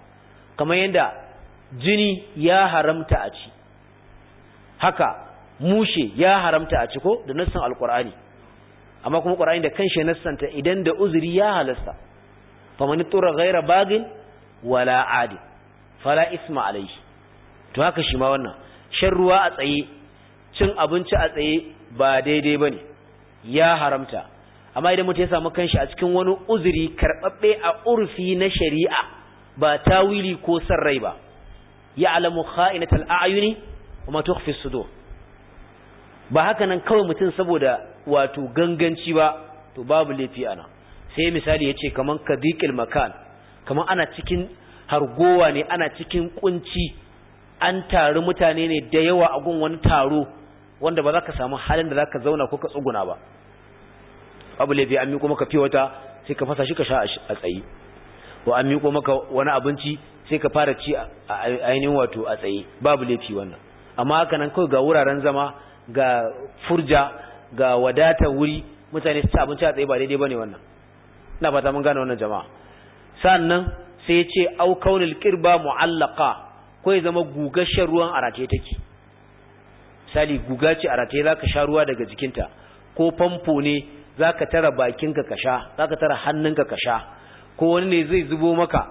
kamar yadda jini ya haramta a ci haka mushe ya haramta a ci ko da nassan alkur'ani amma kuma ƙur'ani da kanshi nassanta idan da uzuri ya halasta faman tura ghaira bagin wala adi fala isma alaihi to haka shi ma wannan shan ruwa a tsaye cin abinci a tsaye ba daidai bane ya haramta amma idan mutum ya samu kanshi a cikin wani uzuri karɓaɓɓe a urfi na shari'a ba tawili ko san rai ba ya alamu kha'inatal a'yuni kuma ta tukhfi su ba haka nan kawai mutum saboda wato ganganci ba to babu laifi ana sai misali ya yace kaman zikil makan kamar ana cikin hargowa ne ana cikin kunci an taru mutane ne da yawa a gun wani taro wanda ba za ka samu halin da za ka zauna ko ka tsuguna ba abu laifi an miƙo maka wata sai ka fasa shi ka sha a tsaye ko an miƙo maka wani abinci sai ka fara ci a ainihin wato a tsaye babu laifi wannan amma haka nan kawai ga wuraren zama ga furja ga wadatar wuri mutane su ci abinci a tsaye ba daidai bane wannan ina fata mun gane wannan jama'a sannan sai ya ce au kaunil qirba mu'allaqa ko ya zama gugashen ruwan arace take misali guga ce za zaka sha ruwa daga jikinta ko famfo ne Za ka tara bakinka ka sha ka tara hannunka ka sha ko wani ne zai zubo maka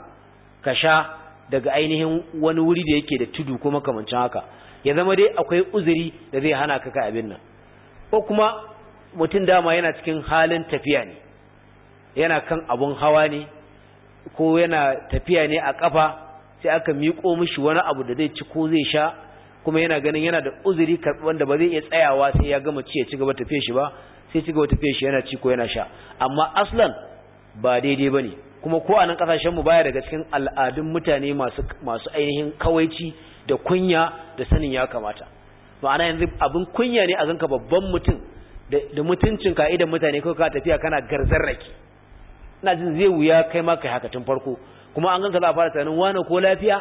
ka sha daga ainihin wani wuri da yake da tudu ko makamancin haka ya zama dai akwai uzuri da zai hana ka kai abin nan ko kuma mutum dama yana cikin halin tafiya ne yana kan abun hawa ne ko yana tafiya ne a kafa sai aka miƙo mishi wani abu da zai ci ko zai sha kuma yana ganin yana da uzuri wanda ba zai iya tsayawa sai ya gama ci ya ci gaba tafiye shi ba sai ci gaba tafiya shi yana ci ko yana sha amma aslan ba daidai ba ne kuma ko a nan kasashen mu baya daga cikin al'adun mutane masu ainihin kawaici da kunya da sanin ya kamata ma'ana yanzu abin kunya ne a zanka babban mutum da mutuncin ka'idan mutane ko ka tafiya kana garzarraki ina jin zai wuya kai ma kai haka tun farko kuma an ganka za a fara tunanin wani ko lafiya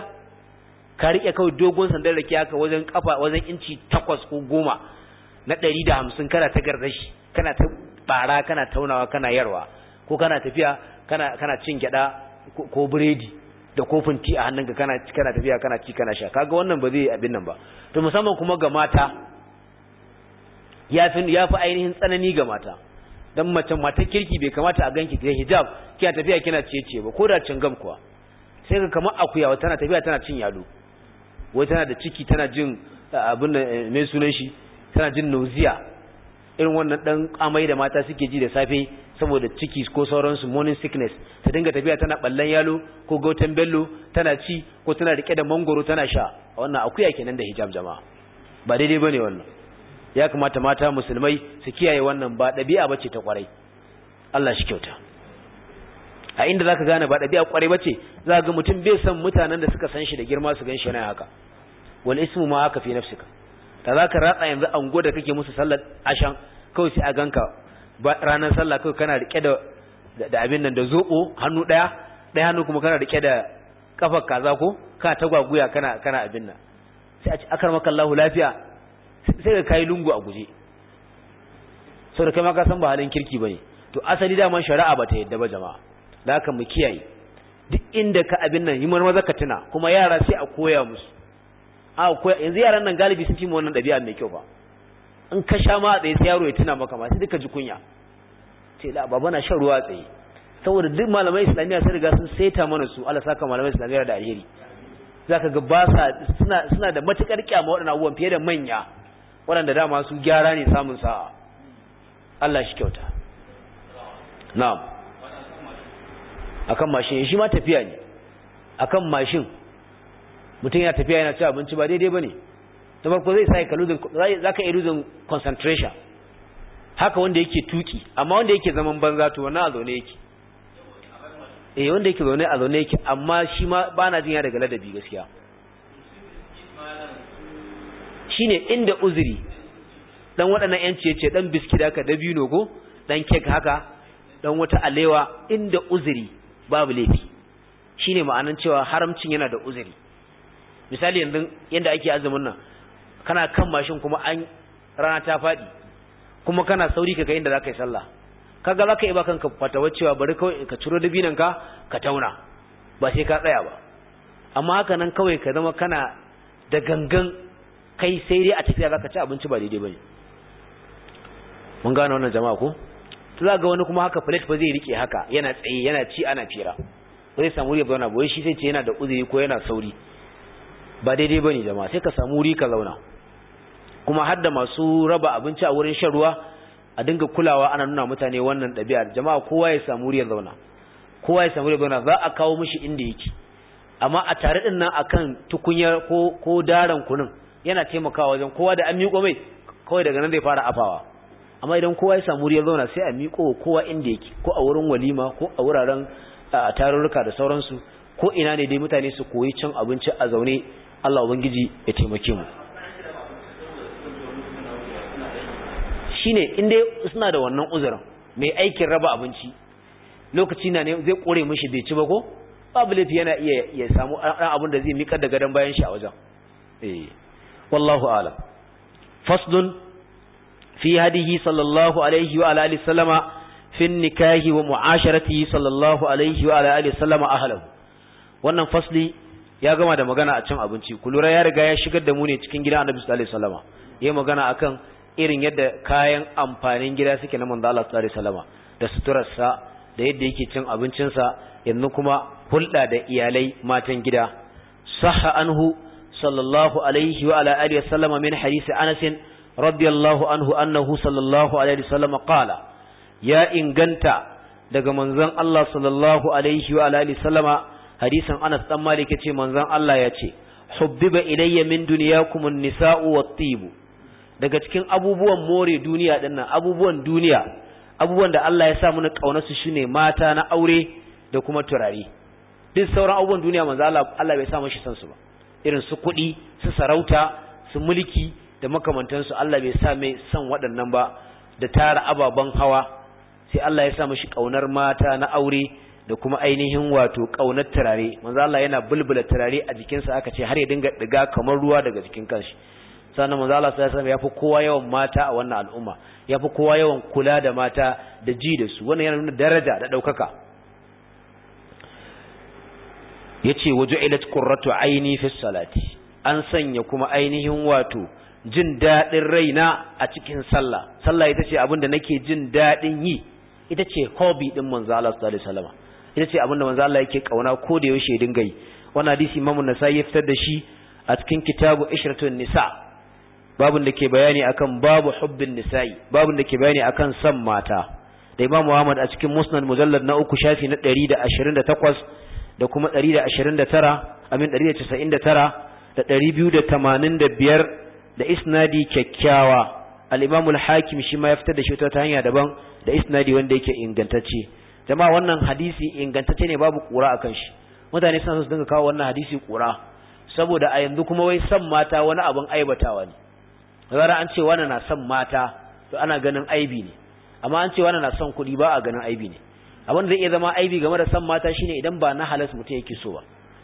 ka rike kawai dogon sandar rake haka wajen kafa wajen inci takwas ko goma na ɗari da hamsin kana ta garzashi kana ta bara kana taunawa kana yarwa ko kana tafiya kana kana cin gyada ko biredi da kofin ti a hannunka kana kana tafiya kana ci kana sha kaga wannan ba zai abin nan ba to musamman kuma ga mata yafin yafi ainihin tsanani ga mata dan mace mata kirki bai kamata a ganki da hijab kina tafiya kina cece ba ko da cingam kuwa sai ga kamar akuya tana tafiya tana cin yalo wai tana da ciki tana jin abin eh, mai sunan shi tana jin nauziya irin wannan dan amai da mata suke ji da safe saboda ciki ko sauransu morning sickness ta dinga tafiya tana ballan yalo ko gautan bello tana ci ko tana rike da mangoro tana sha wannan akuya kenan da hijab jama'a ba daidai bane wannan ya kamata mata musulmai su kiyaye wannan ba dabi'a bace ta kwarai Allah shi kyauta a inda zaka gane ba dabi'a kwarai bace zaka ga mutum bai san mutanen da suka san shi da girma su ganshi na haka wal ismu ma haka fi nafsika da za ratsa yanzu ango da kake musu sallar ashan kawai sai a ganka ranar sallah kawai kana rike da da abin nan da zobo hannu daya daya hannu kuma kana rike da kafar kaza ko ka tagwaguya kana kana abin nan sai a ci akar maka Allahu lafiya sai ka kai lungu a guje da kai ma ka san ba halin kirki bane to asali da man shari'a ta yadda ba jama'a da haka mu kiyaye duk inda ka abin nan yi maza ka tuna kuma yara sai a koya musu a koya yanzu yaran nan galibi sun fi mu wannan dabi'a mai kyau ba in ka sha ma a tsaye sai yaro ya tuna maka ma sai duka ji kunya ce la baba na shan ruwa a tsaye saboda duk malamai islamiyya sai riga sun saita mana su Allah saka malamai islamiyya da alheri zaka ga ba sa suna suna da matukar kyama waɗannan abubuwan fiye da manya waɗanda dama su gyara ne samun sa'a Allah shi kyauta na'am akan mashin shi ma tafiya ne akan mashin mutum yana tafiya yana ci abinci ba daidai bane na farko zai sa ka lose za ka lose concentration haka wanda yake tuki amma wanda yake zaman banza to wannan a zaune yake eh wanda yake zaune a zaune yake amma shi ma bana jin ya daga ladabi gaskiya shine inda uzuri dan waɗannan yanci yace dan biskida ka dabino go dan cake haka dan wata alewa inda uzuri babu laifi shine ma'anan cewa haramcin yana da uzuri misali yanzu yanda ake azumin nan kana kan mashin kuma an rana ta faɗi kuma kana sauri ka ga inda za yi sallah kaga za yi ba kanka fatawa cewa bari kawai ka ciro dabinan ka ka tauna ba sai ka tsaya ba amma haka nan kawai ka zama kana da gangan kai sai dai a tafiya za ka ci abinci ba daidai ba ne mun gane wannan jama'a ko to za ga wani kuma haka plate ba zai rike haka yana tsaye yana ci ana fira sai samu wuri ya zauna boye shi sai ce yana da uzuri ko yana sauri ba daidai ba ne jama'a sai ka samu wuri ka zauna kuma har da masu raba abinci a wurin shan ruwa a dinga kulawa ana nuna mutane wannan ɗabi'ar jama'a kowa ya samu riyar zauna kowa ya samu riyar zauna za a kawo mishi inda yake amma a tare din nan akan tukunya ko ko daran kunun yana taimakawa wajen kowa da an miƙo mai kawai daga nan zai fara afawa amma idan kowa ya samu riyar zauna sai a miƙo kowa inda yake ko a wurin walima ko a wuraren tarurruka da sauransu ko ina ne dai mutane su koyi cin abinci a zaune Allah ubangiji ya taimake mu shine ne inda suna da wannan uzurin mai aikin raba abinci lokaci na ne zai kore mishi bai ci ba ko babu laifi yana iya ya samu ɗan abin da zai miƙar da gadon bayan shi a wajen eh wallahu a'lam faslun fi hadihi sallallahu alaihi wa alihi sallama fi nikahi wa mu'asharatihi sallallahu alaihi wa alihi sallama ahlahu wannan fasli ya gama da magana a cin abinci kulura ya riga ya shigar da mu ne cikin gidan annabi sallallahu alaihi wasallama yayi magana akan irin yadda kayan amfanin gida suke na manzo Allah sallallahu alaihi wasallama da suturarsa da yadda yake cin abincinsa yanzu kuma hulɗa da iyalai matan gida sahha anhu sallallahu alaihi wa ala alihi wasallama min hadisi Anas radiyallahu anhu annahu sallallahu alaihi wasallama qala ya inganta daga manzon Allah sallallahu alaihi wa ala alihi wasallama hadisin Anas dan Malik yace manzon Allah yace hubbiba ilayya min dunyakum an-nisa'u wat-tibu daga cikin abubuwan more duniya dinnan abubuwan duniya abubuwan da Allah ya sa mu kaunarsu shine mata na aure da kuma turare duk sauran abubuwan duniya manzo Allah Allah bai sa mu shi san su ba irin su kuɗi su sarauta su mulki da makamantansu Allah bai sa mai san waɗannan ba da tara ababen hawa sai Allah ya sa mu shi kaunar mata na aure da kuma ainihin wato ƙaunar turare manzo Allah yana bulbula turare a jikinsa aka ce har ya dinga diga kamar ruwa daga jikin kanshi sannan Manzala Allah sai yafi kowa yawan mata a wannan al'umma yafi kowa yawan kula da mata da ji da su wannan yana nuna daraja da daukaka yace waju'ilat qurratu aini fi salati an sanya kuma ainihin wato jin dadin raina a cikin sallah sallah ita ce abinda nake jin dadin yi ita ce hobby din manzo Allah sallallahu alaihi wasallam ita ce abinda manzo Allah yake kauna ko da yaushe dinga yi wannan hadisi Imam Nasa'i ya fitar da shi a cikin kitabu Ishratun Nisa babun da ke bayani akan babu hubbin nisa'i babun da ke bayani akan san mata da Imam Muhammad a cikin Musnad Mujallad na uku shafi na 128 da kuma 129 amin 199 da 285 da isnadi kyakkyawa al-Imam al-Hakim shi ma ya fitar da shi ta hanya daban da isnadi wanda yake ingantacce jama'a wannan hadisi ingantacce ne babu kura akan shi mutane suna so su dinga kawo wannan hadisi kura saboda a yanzu kuma wai san mata wani abin aibatawa ne zara an ce wani na son mata to ana ganin aibi ne amma an ce wani na son kuɗi ba a ganin aibi ne abin da zai iya zama aibi game da son mata shine idan ba na halas mutum yake so ba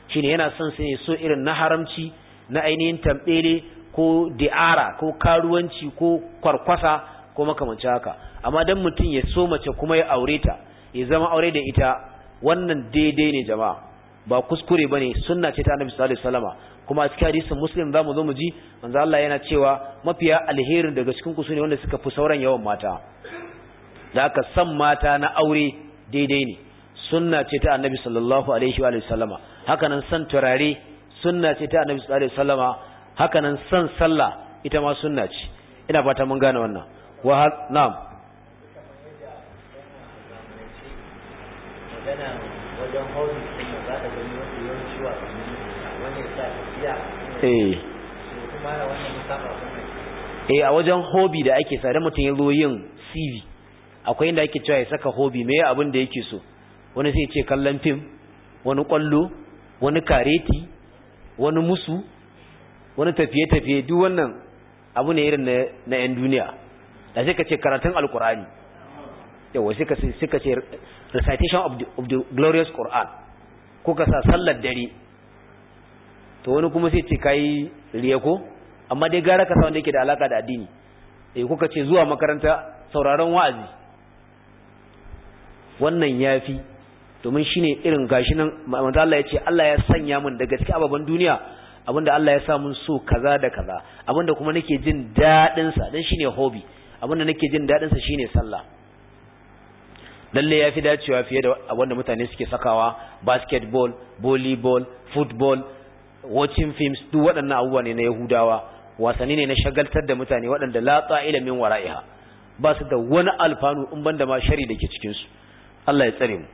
shine yana son su so irin na haramci na ainihin tambele ko di'ara ko karuwanci ko kwarkwasa ko makamancin haka amma dan mutum ya so mace kuma ya aure ta ya zama aure da ita wannan daidai ne jama'a ba kuskure bane sunna ce ta Annabi sallallahu alaihi wasallama kuma a cikin hadisin muslim mu zo mu ji manzo Allah yana cewa mafiya alherin daga cikin ku sune wanda suka fi sauran yawan mata da aka san mata na aure daidai ne sunna ce ta annabi sallallahu alaihi wa sallama hakanan san turare sunna ce ta annabi sallallahu alaihi wa sallama hakanan san sallah ita ma sunna ce ina fata mun gane wannan wa na'am magana eh eh a wajen hobi da ake sa da mutum ya zo yin CV akwai inda ake cewa ya saka hobi me abin da yake so wani sai ce kallon fim wani kwallo wani kareti wani musu wani tafiye-tafiye duk wannan abu ne irin na 'yan duniya da sai ka ce karatun alkurani yawa sai ka ce recitation of the glorious Quran ko ka sa sallar dare to wani kuma sai ce kai riya ko amma dai gara ka sa wanda yake da alaka da addini eh kuka ce zuwa makaranta sauraron wa'azi wannan yafi domin shine irin gashi nan manzo Allah ya ce Allah ya sanya mun da gaske ababan duniya abinda Allah ya sa mun so kaza da kaza abinda kuma nake jin dadin sa dan shine hobby abinda nake jin dadin sa shine sallah lalle yafi dacewa fiye da wanda mutane suke sakawa basketball volleyball football watching films duk waɗannan abubuwa ne na yahudawa wasanni ne na shagaltar da mutane waɗanda latsa ilimin wara'iha ba su da wani alfanu in banda ma shari da ke cikinsu Allah ya tsare mu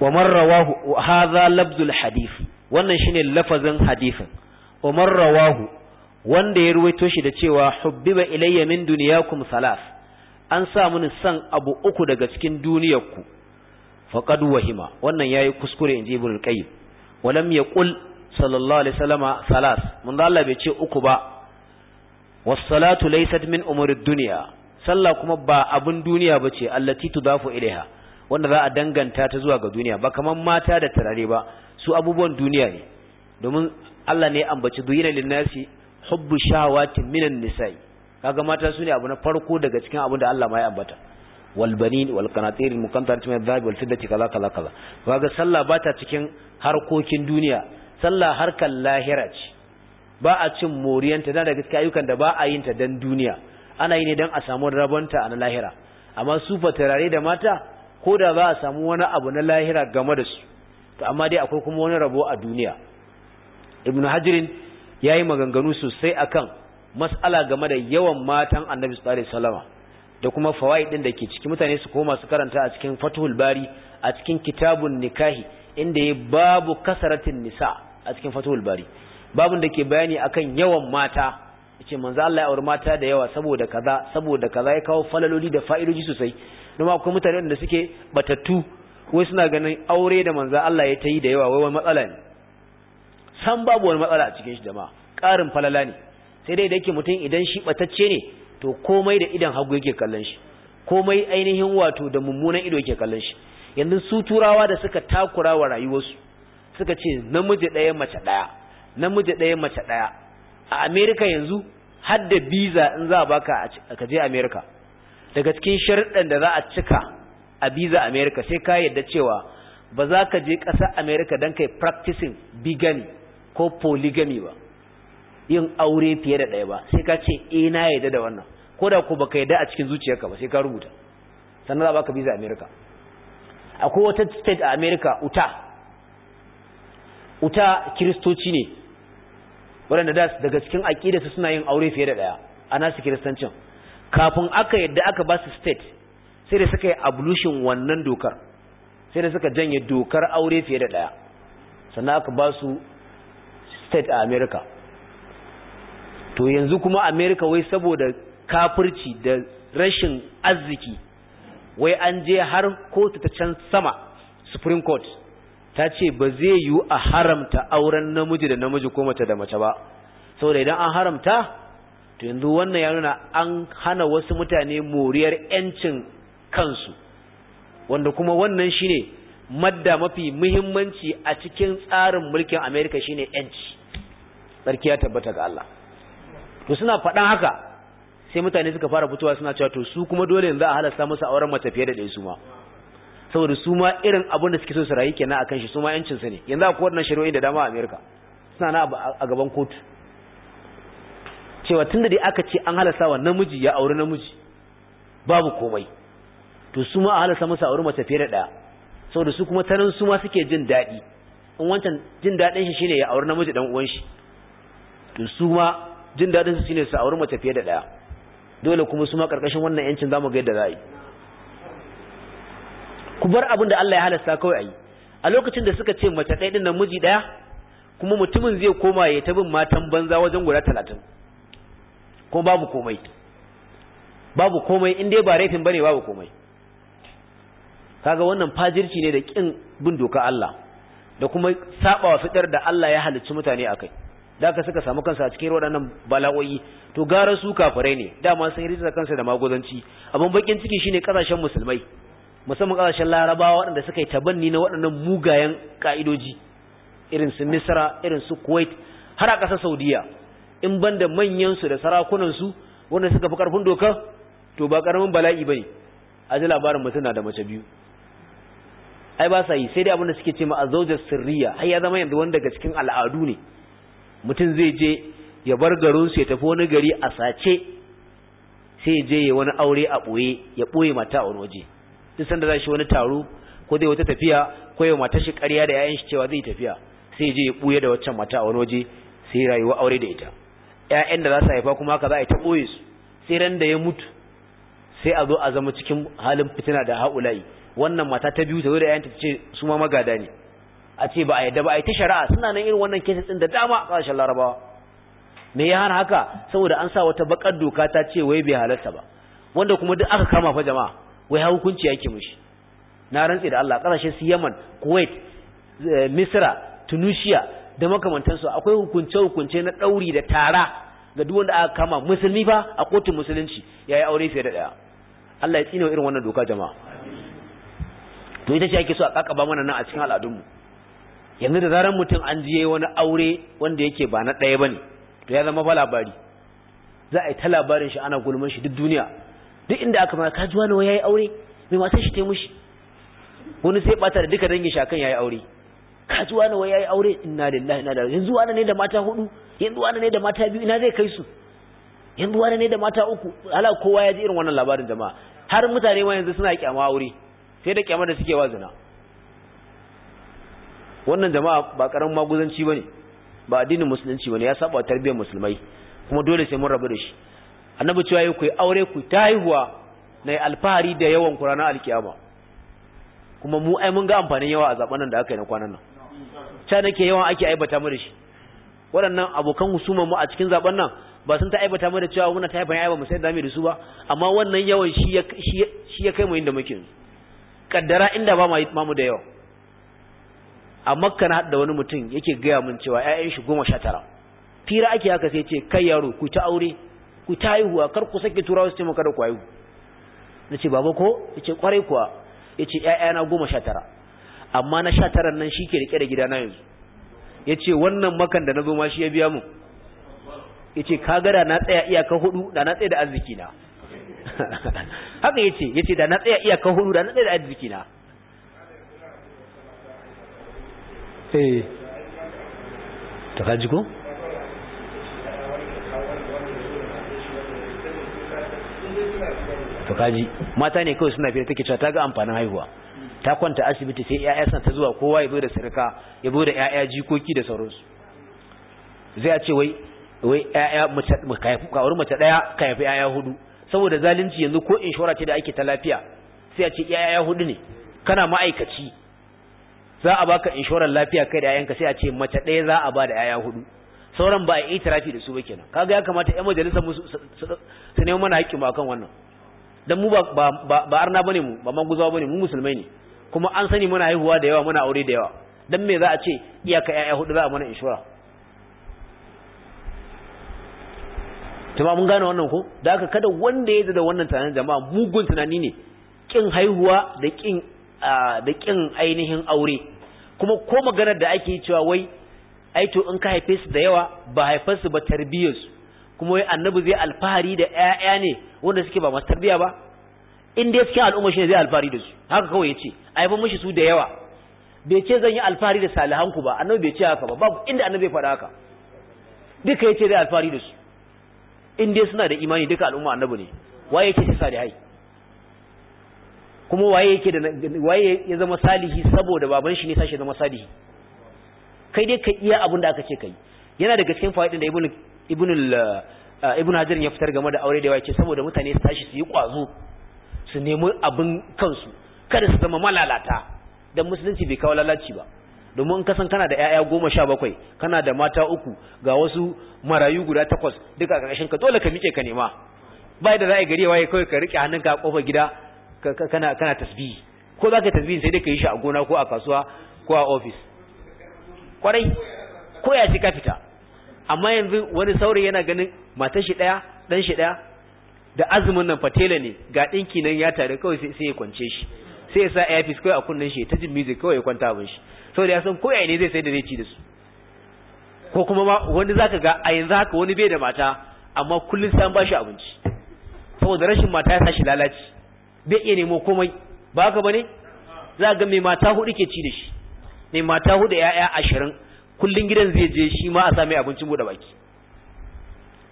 wa man rawahu hadha labzul hadith wannan shine lafazin hadithin wa man rawahu wanda ya ruwaito shi da cewa hubbiba ilayya min dunyakum salas an sa mun san abu uku daga cikin duniyarku faqad wahima wannan yayi kuskure inji ibnul qayyim walam yaqul sallallahu alaihi wasallama salas mun Allah ce uku ba was-salatu laysat min umurid dunya sallah kuma ba abun duniya bace allati tudafu ilaiha wanda za a danganta ta zuwa ga duniya ba kaman mata da tarare ba su abubuwan duniya ne domin Allah ne ambaci duyina linnasi hubbu shahawati minan nisa'i kaga mata su ne abu na farko daga cikin abin da Allah ma ya ambata wal banin wal qanatir al muqantar min kaza kaza Ba ga sallah ba ta cikin harkokin duniya sallah harkar lahira ce ba a cin moriyanta da daga cikin ayyukan da ba a yin ta dan duniya ana yi ne dan a samu rabonta a na lahira amma su turare da mata ko da za a samu wani abu na lahira game da su to amma dai akwai kuma wani rabo a duniya ibnu hajirin ya yi maganganu sosai akan mas'ala game da yawan matan annabi sallallahu alaihi da kuma fawaid din da ke ciki mutane su koma su karanta a cikin Fathul Bari a cikin Kitabun Nikahi inda ya babu kasaratin nisa a cikin Fathul Bari babun da ke bayani akan yawan mata yace manzo Allah ya aure mata da yawa saboda kaza saboda kaza ya kawo falaloli da fa'idoji sosai kuma akwai mutane da suke batattu wai suna ganin aure da manzo Allah ya tayi da yawa wai wani matsala ne san babu wani matsala a cikin shi jama'a ƙarin falala ne sai dai da yake mutum idan shi batacce ne to komai da idan hagu yake kallon shi komai ainihin wato da mummunan ido yake kallon shi yanzu su turawa da suka takura wa rayuwarsu suka ce namiji ɗaya mace ɗaya namiji ɗaya mace ɗaya a america yanzu har da biza in za a baka ka je america daga cikin sharuɗan da za a cika a biza america sai ka yadda cewa ba za ka je ƙasar america don kai practicing bigamy ko polygamy ba yin aure fiye da ɗaya ba sai ka ce eh na yarda da wannan ko da ko baka yadda a cikin zuciyarka ba sai ka rubuta sannan za baka visa America akwai wata state a America Utah Utah kiristoci ne waɗanda da daga cikin su suna yin aure fiye da ɗaya a nasu kristancin kafin aka yadda aka ba su state sai da suka yi ablution wannan dokar sai da suka janye dokar aure fiye da ɗaya sannan aka ba su state a america to yanzu kuma Amerika wai saboda kafirci da rashin arziki wai an je har kotu ta can sama supreme court ta ce ba zai yiwu a haramta auren namiji da namiji ko mace da mace ba saboda idan an haramta to yanzu wannan ya nuna an hana wasu mutane moriyar 'yancin kansu wanda kuma wannan shine madda mafi muhimmanci a cikin tsarin mulkin america shine 'yanci tsarki ya tabbata ga Allah to suna faɗan haka sai mutane suka fara fitowa suna cewa to su kuma dole yanzu a halasta musu auren mace fiye da ɗaya su ma saboda su ma irin abin da suke so su rayu kenan akan shi su ma yancin su ne yanzu akwai wannan shari'o'i da dama a America suna na a gaban kotu cewa tunda dai aka ce an halasta wa namiji ya auri namiji babu komai to su ma a halasta musu auren mace fiye da ɗaya saboda su kuma tanan su ma suke jin daɗi in wancan jin daɗin shi shine ya auri namiji dan uwan shi to su ma jin daɗin su shine su auri mace fiye da ɗaya dole kuma su ma karkashin wannan yancin zamu ga yadda za a yi ku bar abin da Allah ya halasta kawai a yi a lokacin da suka ce mace ɗaya din miji ɗaya kuma mutumin zai koma ya ta bin matan banza wajen guda talatin ko babu komai babu komai in dai ba rafin bane babu komai kaga wannan fajirci ne da kin bin doka Allah da kuma sabawa fitar da Allah ya halicci mutane akai da ka suka samu kansa a cikin waɗannan bala'o'i to gara su kafirai ne dama sun rizar kansa da magudanci abin bakin ciki shine kasashen musulmai musamman kasashen larabawa waɗanda suka yi tabanni na waɗannan mugayen ka'idoji irin su misra irin su kuwait har a ƙasar saudiya in ban da manyansu da sarakunansu su wanda suka fi ƙarfin doka to ba ƙaramin bala'i ne a ji labarin mutum na da mace biyu ai ba sa yi sai dai abin da suke ce ma zaujar sirriya har ya zama yanzu wanda daga cikin al'adu ne mutum zai je ya bar garinsu ya tafi wani gari a sace sai je ya wani aure a ɓoye ya ɓoye mata a wani waje duk sanda za shi wani taro ko zai wata tafiya ko yau mata shi ƙarya da 'ya'yan shi cewa zai tafiya sai je ya ɓoye da waccan mata a wani waje sai rayuwa aure da ita 'ya'yan da za su haifa kuma haka za a yi ta ɓoye su sai ran da ya mutu sai a zo a zama cikin halin fitina da haulayi wannan mata ta biyu ta zo da 'ya'yanta ta ce su ma magada ne a ce ba a yadda ba a yi ta shari'a suna nan irin wannan kesa ɗin da dama a ƙasashen larabawa me ya hana haka saboda an sa wata baƙar doka ta ce wai bai halarta ba wanda kuma duk aka kama fa jama'a wai ha hukunci yake mishi na rantse da Allah ƙasashen su Yaman Kuwait eh, Misra Tunisia da makamantansu akwai hukunce-hukunce na ɗauri da tara ga duk wanda aka kama musulmi ba a kotun musulunci yi aure fiye da ɗaya Allah ya tsine irin wannan doka jama'a to ita ce ake so a kakaba mana nan a cikin al'adunmu yanzu da zaran mutum an je wani aure wanda yake ba na ɗaya ba ne to ya zama ba labari za a yi ta labarin shi ana gulman shi duk duniya duk inda aka ma kaji wani ya yi aure mai matar shi ta wani sai bata da duka dangin shakan ya yi aure kaji wani ya yi aure inna lillahi inna ilaihi yanzu wani ne da mata hudu yanzu wani ne da mata biyu ina zai kai su yanzu wani ne da mata uku ala kowa ya ji irin wannan labarin jama'a har mutane ma yanzu suna kyama aure sai da kyamar da suke wa zina wannan jama'a ba karamin maguzanci bane ba addinin musulunci bane ya saba tarbiyyar musulmai kuma dole sai mun rabu da shi annabi cewa yi ku aure ku ta haihuwa na alfahari da yawan ku alkiyama kuma mu ai mun ga amfanin yawa a zaben nan da aka yi na kwanan nan ta nake yawan ake aibata mu da shi waɗannan abokan husuman mu a cikin zaben nan ba sun ta aibata mu da cewa muna ta haifan yaba mu sai da mu da su ba amma wannan yawan shi ya shi kai mu inda muke kaddara inda ba mu da yawa a makka na da wani mutum yake gaya min cewa ƴaƴan shi goma sha tara fira ake haka sai ce kai yaro ku ta aure ku ta haihuwa kar ku saki turawa su ce maka da ku haihu na ce baba ko yace kwarai kuwa ya ce na goma sha tara amma na sha nan shi ke riƙe da gidana yanzu ya ce wannan makan da na zo ma shi ya biya mu ya ce gara na tsaya iyaka hudu da na tsaya da arziki na (laughs) haka yace yace da na tsaya iyaka hudu da na tsaya da arziki na ko to mata ne kawai suna fiye take cewa ta ga amfanin haihuwa ta kwanta asibiti sai 'ya'ya san ta zuwa kowa ya zo da sirka ya zo da 'ya'ya jikoki da sauransu zai a ce wai wai ƴaƴa mace ɗaya mace daya ka yafi 'ya'ya hudu saboda zalunci yanzu ko inshora ce da ake ta lafiya sai a ce 'ya'ya hudu ne kana ma'aikaci za a baka inshorar lafiya kai da yayanka sai a ce mace ɗaya za a ba da yaya hudu sauran ba a yi tirafi da su ba kenan kaga ya kamata ƴan majalisar mu su nemi mana haƙƙin mu akan wannan dan mu ba ba arna bane mu ba maguzawa bane mu musulmai ne kuma an sani muna haihuwa da yawa muna aure da yawa dan me za a ce iyaka yaya hudu za a mana inshora Tuma mun gane wannan ko da haka kada wanda ya da wannan tunanin jama'a mugun tunani ne kin haihuwa da kin da kin ainihin aure kuma ko maganar da ake yi cewa wai ai to in ka haife su da yawa ba haifar su ba tarbiyyar su kuma wai annabi zai alfahari da ƴaƴa ne wanda suke ba masu tarbiyya ba in dai suke al'umma shine zai alfahari da su haka kawai yace ai ban mishi su da yawa bai ce zan yi alfahari da salihan ku ba annabi bai ce haka ba babu inda annabi ya faɗa haka duka yace zai alfahari da su in dai suna da imani duka al'umma annabi ne waye yake shi salihai kuma waye yake da waye ya zama salihi saboda baban shi ne sashi zama salihi kai dai ka iya abin da aka ce kai yana daga cikin fawaidin da ibnu ibnu uh, ibnu hajar ya fitar game da aure da yawa saboda mutane su tashi su yi kwazo su nemi abin kansu kada su zama malalata dan musulunci bai kawo lalaci ba domin ka san kana da 'ya'ya goma sha bakwai kana da mata uku ga wasu marayu guda takwas duka a ka dole ka miƙe ka nema ba da za a gari waye kawai ka riƙe hannunka a ƙofar gida kana kana tasbihi ko zaka tasbihi sai dai ka shi a gona ko a kasuwa ko a office kwarai ko ya ci ka fita amma yanzu wani saurayi yana ganin matar shi daya dan shi daya da azumin nan fatela ne ga dinki nan ya tare kawai sai ya kwance shi sai ya sa office kawai a kunnan shi ta jin music kawai ya kwanta ban shi saboda ya san ko ya ne zai sai da zai ci da su ko kuma ma wani zaka ga a yanzu haka wani bai da mata amma kullun sai an bashi abinci saboda rashin mata ya sa shi lalaci bai iya nemo komai ba haka bane za ga mai mata hudu ke ci da shi mai mata hudu ya'ya ashirin kullun gidan zai je shi ma a sami abincin buɗe baki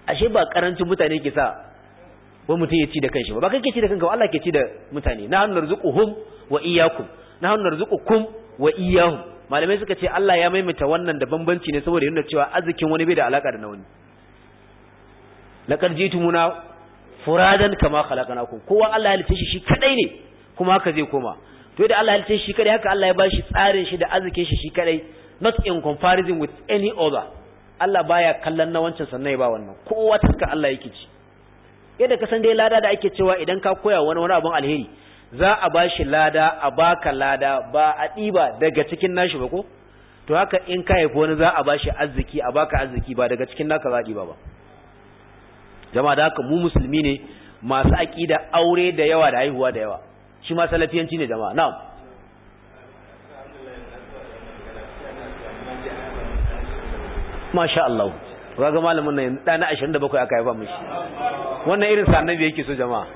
ashe ba karancin mutane ke sa ba mutum ya ci da kanshi ba ba kai ke ci da kanka ba Allah ke ci da mutane na hannu narzuquhum wa iyyakum na hannu narzuqukum wa iyyahum malamai suka ce Allah ya maimaita wannan da bambanci ne saboda yana cewa arzikin wani bai da alaka da na wani laqad jitumuna furadan kama khalaqnakum kowa Allah ya halice shi shi kadai ne kuma haka zai koma to da Allah ya halice shi kadai haka Allah ya bashi tsarin shi da arzikin shi shi kadai not in comparison with any other Allah baya kallon na wancan sannan ya ba wannan kowa taska Allah yake ci yadda ka san dai lada da ake cewa idan ka koya wani wani abun alheri za a bashi lada a baka lada ba a diba daga cikin nashi ba ko to haka in ka haifi wani za a bashi arziki a baka arziki ba daga cikin naka za a diba ba jama'a da haka mu musulmi ne masu aqida aure da yawa da haihuwa da yawa shi ma salafiyanci ne jama'a na'am masha Allah ga malamin nan dana 27 aka haifa mishi wannan irin sa annabi yake so jama'a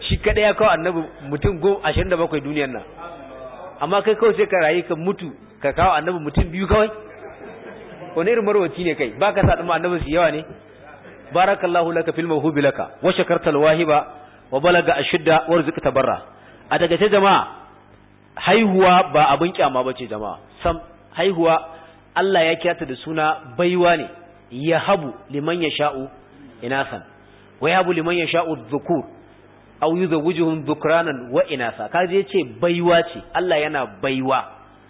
shi kada ya kawo annabi mutum 27 duniyar nan amma kai kawai sai ka rayu ka mutu ka kawo annabi mutum biyu kawai wani irin marwaci ne kai baka sa dama annabi su yawa ne barakallahu laka filma mawhubi laka wa shakarta alwahiba wa balaga ashidda warzuq tabarra a daga jama'a haihuwa ba abin kyama bace jama'a sam haihuwa Allah ya kira da suna baiwa ne yahabu liman yasha'u inasan wa yahabu liman yasha'u dhukur aw yuzawwijuhum dhukranan wa inasa kaje yace baiwa ce Allah yana baiwa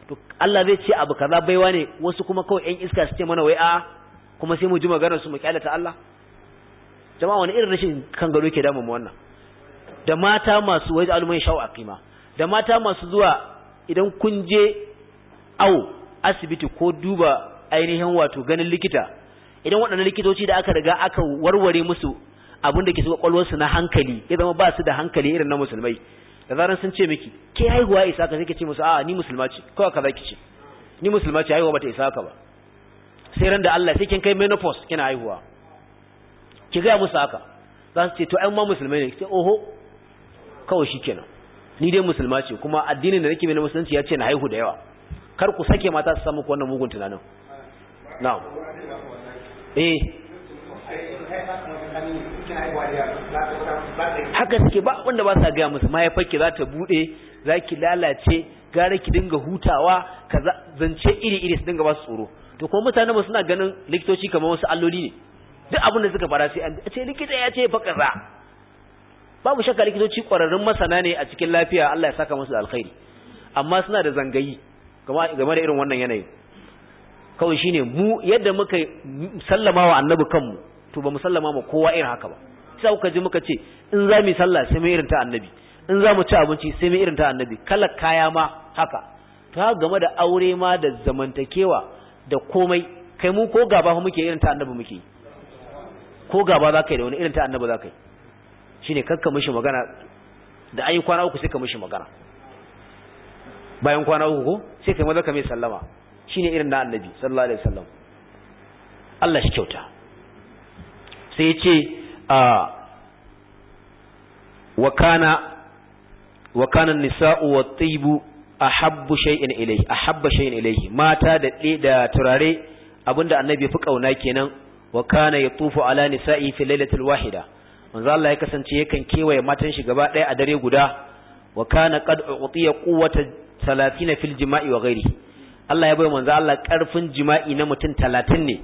to Allah zai ce abu kaza baiwa ne wasu kuma kawai 'yan iska su ce mana wai a kuma sai mu ji maganar su mu kyalata Allah jama'a wani irin rashin kan gado yake damu wannan da mata masu wai alumai sha'u aqima da mata masu zuwa idan kun je au asibiti ko duba ainihin wato ganin likita idan waɗannan likitoci da aka riga aka warware musu abin da ke su kwakwalwarsu na hankali ya zama ba su da hankali irin na musulmai da zaran sun ce miki ke haihuwa isa ka sai ka ce musu a'a ni musulma ce kawai ka zaki ce ni musulma ce haihuwa bata isa ka ba sai ran da Allah sai kin kai menopause kina haihuwa ki gaya musu haka za su ce to ai ma musulmai ne ce oho kawai shikenan ni dai musulma ce kuma addinin da nake mai musulunci ya ce na haihu da yawa kar ku sake mata su samu wannan mugun tunanin na'am eh haka suke ba wanda ba sa gaya musu mahaifarki za ta bude za ki lalace gara ki dinga hutawa ka zance iri-iri su dinga ba su tsoro to kuma mutane ba suna ganin likitoci kamar wasu alloli ne duk abin da suka fara sai an ce likita ya ce fa babu shakka likitoci kwararrun masana ne a cikin lafiya Allah ya saka musu da alkhairi amma suna da zangayi game da irin wannan yanayin. kawai shine mu yadda muka sallama wa annabi kanmu to ba mu sallama ma kowa irin haka ba sai kuka ji muka ce in za mu sallah sai mu irin ta annabi in za mu ci abinci sai mu irin ta annabi kala kaya ma haka to haka game da aure ma da zamantakewa da komai kai mu ko gaba muke irin ta annabi muke yi ko gaba za ka yi da wani irin ta annaba za ka yi shi ne kakka mashi magana da an yi kwana uku sai ka mashi magana bayan kwana uku ko sai ka yi maza ka mai sallama shi ne irin na annabi sallallahu alaihi wasallam Allah shi kyauta sai ya ce a kana wa kana nisa'u wa tibu ahabbu shay'in ilayhi ahabba shay'in ilaihi, mata da da turare abinda annabi ya fi kauna kenan wa kana yatufu ala nisa'i fi lailatul wahida manzo Allah ya kasance yakan kewaye matan shi gaba ɗaya a dare guda wa kana qad utiya quwwata 30 fil jima'i wa ghairi Allah ya bai manzo Allah karfin jima'i na mutum 30 ne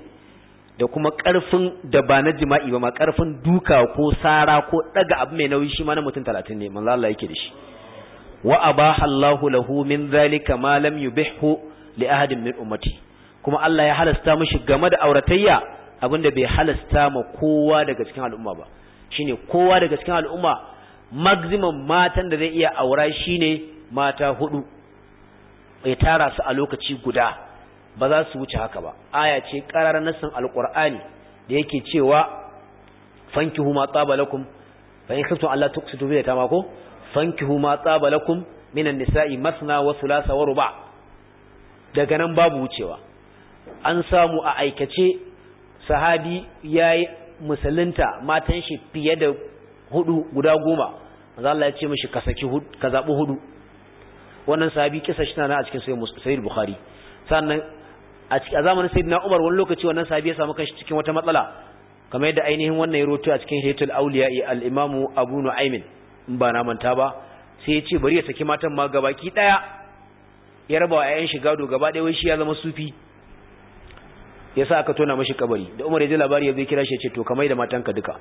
da kuma karfin da ba na jima'i ba ma karfin duka ko sara ko daga abu mai nauyi shi ma na mutum 30 ne manzo Allah yake da shi wa abaha Allahu lahu min zalika ma lam yubihhu li ahadin min ummati kuma Allah ya halasta mishi game da auratayya Abin da bai halasta ma kowa daga cikin al'umma ba shine kowa daga cikin al'umma maximum matan da zai iya aura shine mata hudu ya tara su a lokaci guda ba za su wuce haka ba aya ce karar nasin alqur'ani da yake cewa fankihu ma tsaba fa in khiftu alla tuqsitu bi ta mako fankihu ma tsaba minan nisa'i masna wa thulatha wa ruba daga nan babu wucewa an samu a aikace sahabi ya yi musulunta matan shi fiye da hudu guda goma maza Allah ya ce mashi ka zaɓi hudu wannan sahabi kisa shi na a cikin sayyid bukhari sannan a zamanin na umar wani lokaci wannan sahabi ya samu kashi cikin wata matsala kamar yadda ainihin wannan ya roto a cikin hitul auliya al-imamu abu nua'imin in ba na manta ba sai ya ce bari ya saki matan ma gabaki daya ya raba wa 'ya'yan shi gado gaba ɗaya wai shi ya zama sufi yasa aka tona mashi kabari da Umar ya ji labari ya zai kira shi ya ce to kamai da matanka duka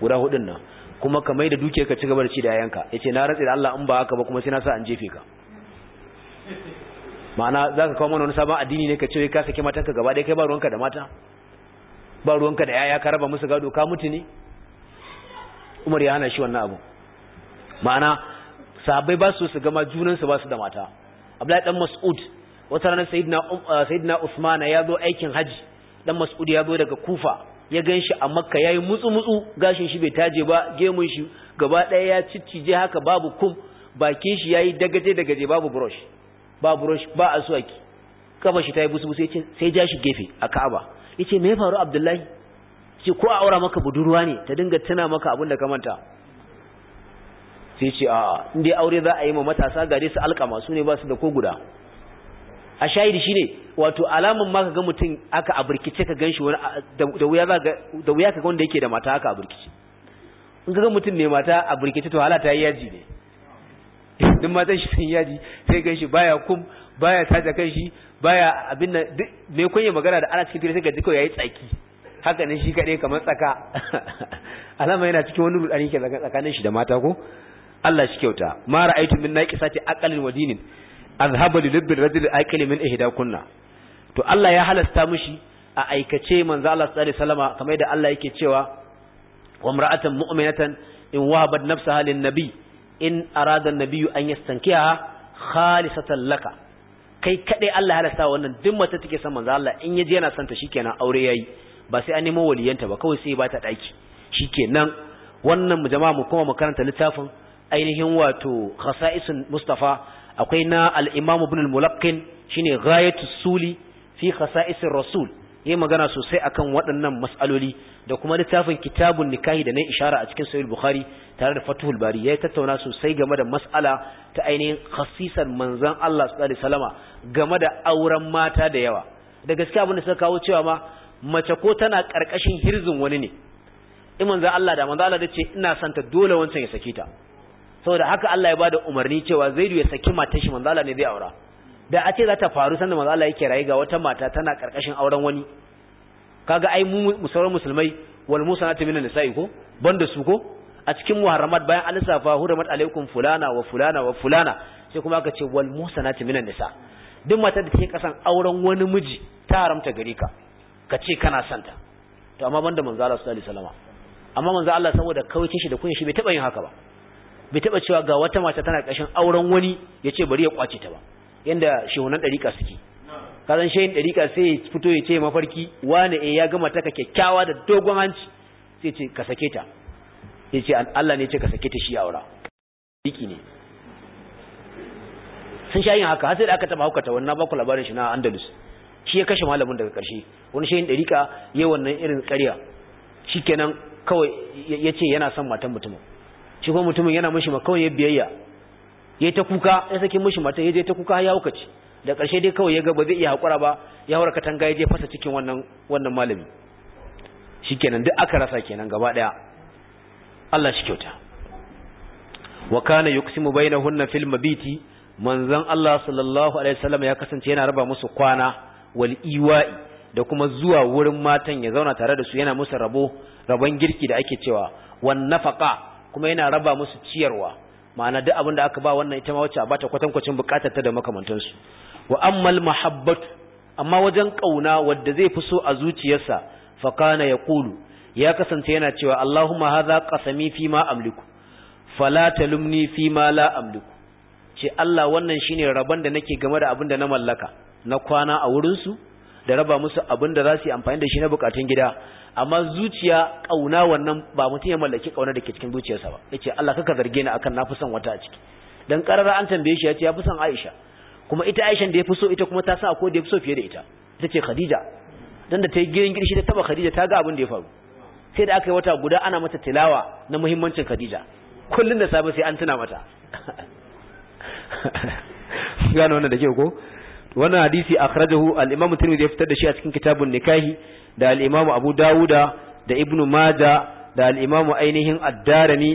guda hudun nan kuma kamai da duke ka ci gaba da ci da yayanka yace na ratsi da Allah in ba haka ba kuma sai na sa an jefe ka ma'ana zaka kawo mana wani sabon addini ne ka ce ka saki matanka gaba ɗaya kai ba ruwanka da mata ba ruwanka da yaya ka raba musu gado ka mutu ne Umar ya hana shi wannan abu ma'ana sahabbai ba su su gama junansu ba su da mata Abdullahi dan Mas'ud wata ranar sayyidina umm, Usman ya zo aikin haji dan mas'ud ya zo daga kufa ya gan shi a makka ya yi mutsu-mutsu gashin shi bai taje ba gemun shi gaba ɗaya ya ciccije haka babu kum bakin shi ya yi dagaje dagaje babu brush ba brush ba aswaki kafa shi ta yi busu busu sai ja shi gefe a ka'aba ya ce me ya faru abdullahi ce ko a aura maka budurwa ne ta dinga tana maka abin da ka manta sai ce a'a. in aure za a yi ma matasa gare su alkama su ne ba su da ko guda a shahidi shine wato alamun ma kaga mutum aka aburkice ka ganshi wani da wuya za da wuya kaga wanda yake da mata aka aburkice in kaga mutum ne mata aburkice to halata yayi yaji ne duk matan shi sun yaji sai ganshi baya kum baya taja kanshi baya abin nan me kunya magana da ana cikin tare sai ga duka yayi tsaki haka ne shi kade kamar tsaka (laughs) alama yana cikin wani rudani ke tsakanin shi da mata ko Allah shi kyauta ma ra'aytu min naqisati aqalin wa dinin azhaba li lubbil rajul aqil min ihda kunna to Allah ya halasta mushi a aikace manzo Allah sallallahu alaihi kamar yadda Allah yake cewa wa imra'atan mu'minatan in wahabat nafsaha lin nabi in arada an an yastankiha khalisatan laka kai kadai Allah ya halasta wannan duk mace take son manzo Allah in yaji yana son ta shikenan aure yayi ba sai an nemo waliyanta ba kawai sai ba ta daki shikenan wannan jama'a mu kuma mu karanta littafin ainihin wato khasa'isun mustafa akwai na al-imam ibn al-mulaqqin shine ghayatu suli fi khasa'isir rasul yi magana sosai akan waɗannan mas'aloli da kuma littafin kitabun nikahi da na ishara a cikin sahih bukhari tare da fathul bari yayi tattauna sosai game da mas'ala ta ainihin khasisan manzon Allah sallallahu game da auren mata da yawa da gaskiya abin da suka kawo cewa ma mace ko tana karkashin hirzin wani ne in manzon Allah da manzon Allah da ce ina santa dole wancan ya sake ta saboda haka Allah ya bada umarni cewa Zaidu ya saki matar shi manzo Allah ne zai aura da a ce za ta faru sanda manzo Allah yake rayi ga wata mata tana karkashin auren wani kaga ai mu musauran musulmai wal musanatu minan nisa'i ko banda su ko a cikin muharramat bayan an safa hurmat alaikum fulana wa fulana wa fulana sai kuma aka ce wal musanatu minan nisa duk matar da take kasan auren wani miji ta haramta gare ka ka ce kana santa to amma banda manzo Allah sallallahu alaihi wasallam amma manzo Allah saboda kauce shi da kunya shi bai taba yin haka ba bai taba cewa ga wata mata tana ƙashin auren wani ya ce bari ya kwace ta ba yanda shehunan ɗariƙa suke kazan shehin ɗariƙa sai ya fito ya ce mafarki wani eh ya gama taka kyakkyawa da dogon hanci sai ce ka sake ta ya ce Allah ne ya ce ka sake ta shi aura ɗariƙi ne sun sha yin haka har sai da aka taɓa haukata wannan ba ku labarin shi na andalus shi ya kashe malamin daga ƙarshe wani shehin ɗariƙa ya wannan irin ƙarya shikenan kawai yace yana son matan mutumin shi kuma mutumin yana mishi makawai ya biyayya ya ta kuka ya saki mishi mata ya je ta kuka ya hukaci da ƙarshe dai kawai ya ga ba zai iya haƙura ba ya haura katanga ya je fasa cikin wannan wannan malami shikenan duk aka rasa kenan gaba ɗaya Allah shi kyauta wa kana yuqsimu bainahunna fil mabiti manzon Allah sallallahu alaihi wasallam ya kasance yana raba musu kwana wal iwa'i da kuma zuwa wurin matan ya zauna tare da su yana musu rabo rabon girki da ake cewa wan nafaqa kuma yana raba musu ciyarwa ma'ana duk abin da aka ba wannan ita ma wacce a bata kwatankwacin bukatar ta da makamantansu wa ammal mahabbat amma wajen kauna wanda zai fi so a zuciyarsa fa kana yaqulu ya kasance yana cewa Allahumma hadha qasami fi ma amliku fala talumni fi ma la amliku ce Allah wannan shine rabon da nake game da abin da na mallaka na kwana a wurin su da raba musu abin da za su yi amfani da shi na bukatun gida amma zuciya kauna wannan ba mutum ya mallaki kauna da ke cikin zuciyarsa ba yace Allah kaka zarge ni akan nafi son wata a ciki dan karara an tambaye shi yace ya fi son Aisha kuma ita Aisha da ya fi so ita kuma ta sa ko da ya fi so fiye da ita ita ce Khadija dan da ta yi girin girshi ta taba Khadija ta ga abin da ya faru sai da aka yi wata guda ana mata tilawa na muhimmancin Khadija kullun da safe sai an tuna mata (laughs) gano wannan da ke ko wannan hadisi akhrajahu al-imam tirmidhi ya fitar da shi a cikin kitabun nikahi da al abu dawuda da ibnu maja da al ainihin ad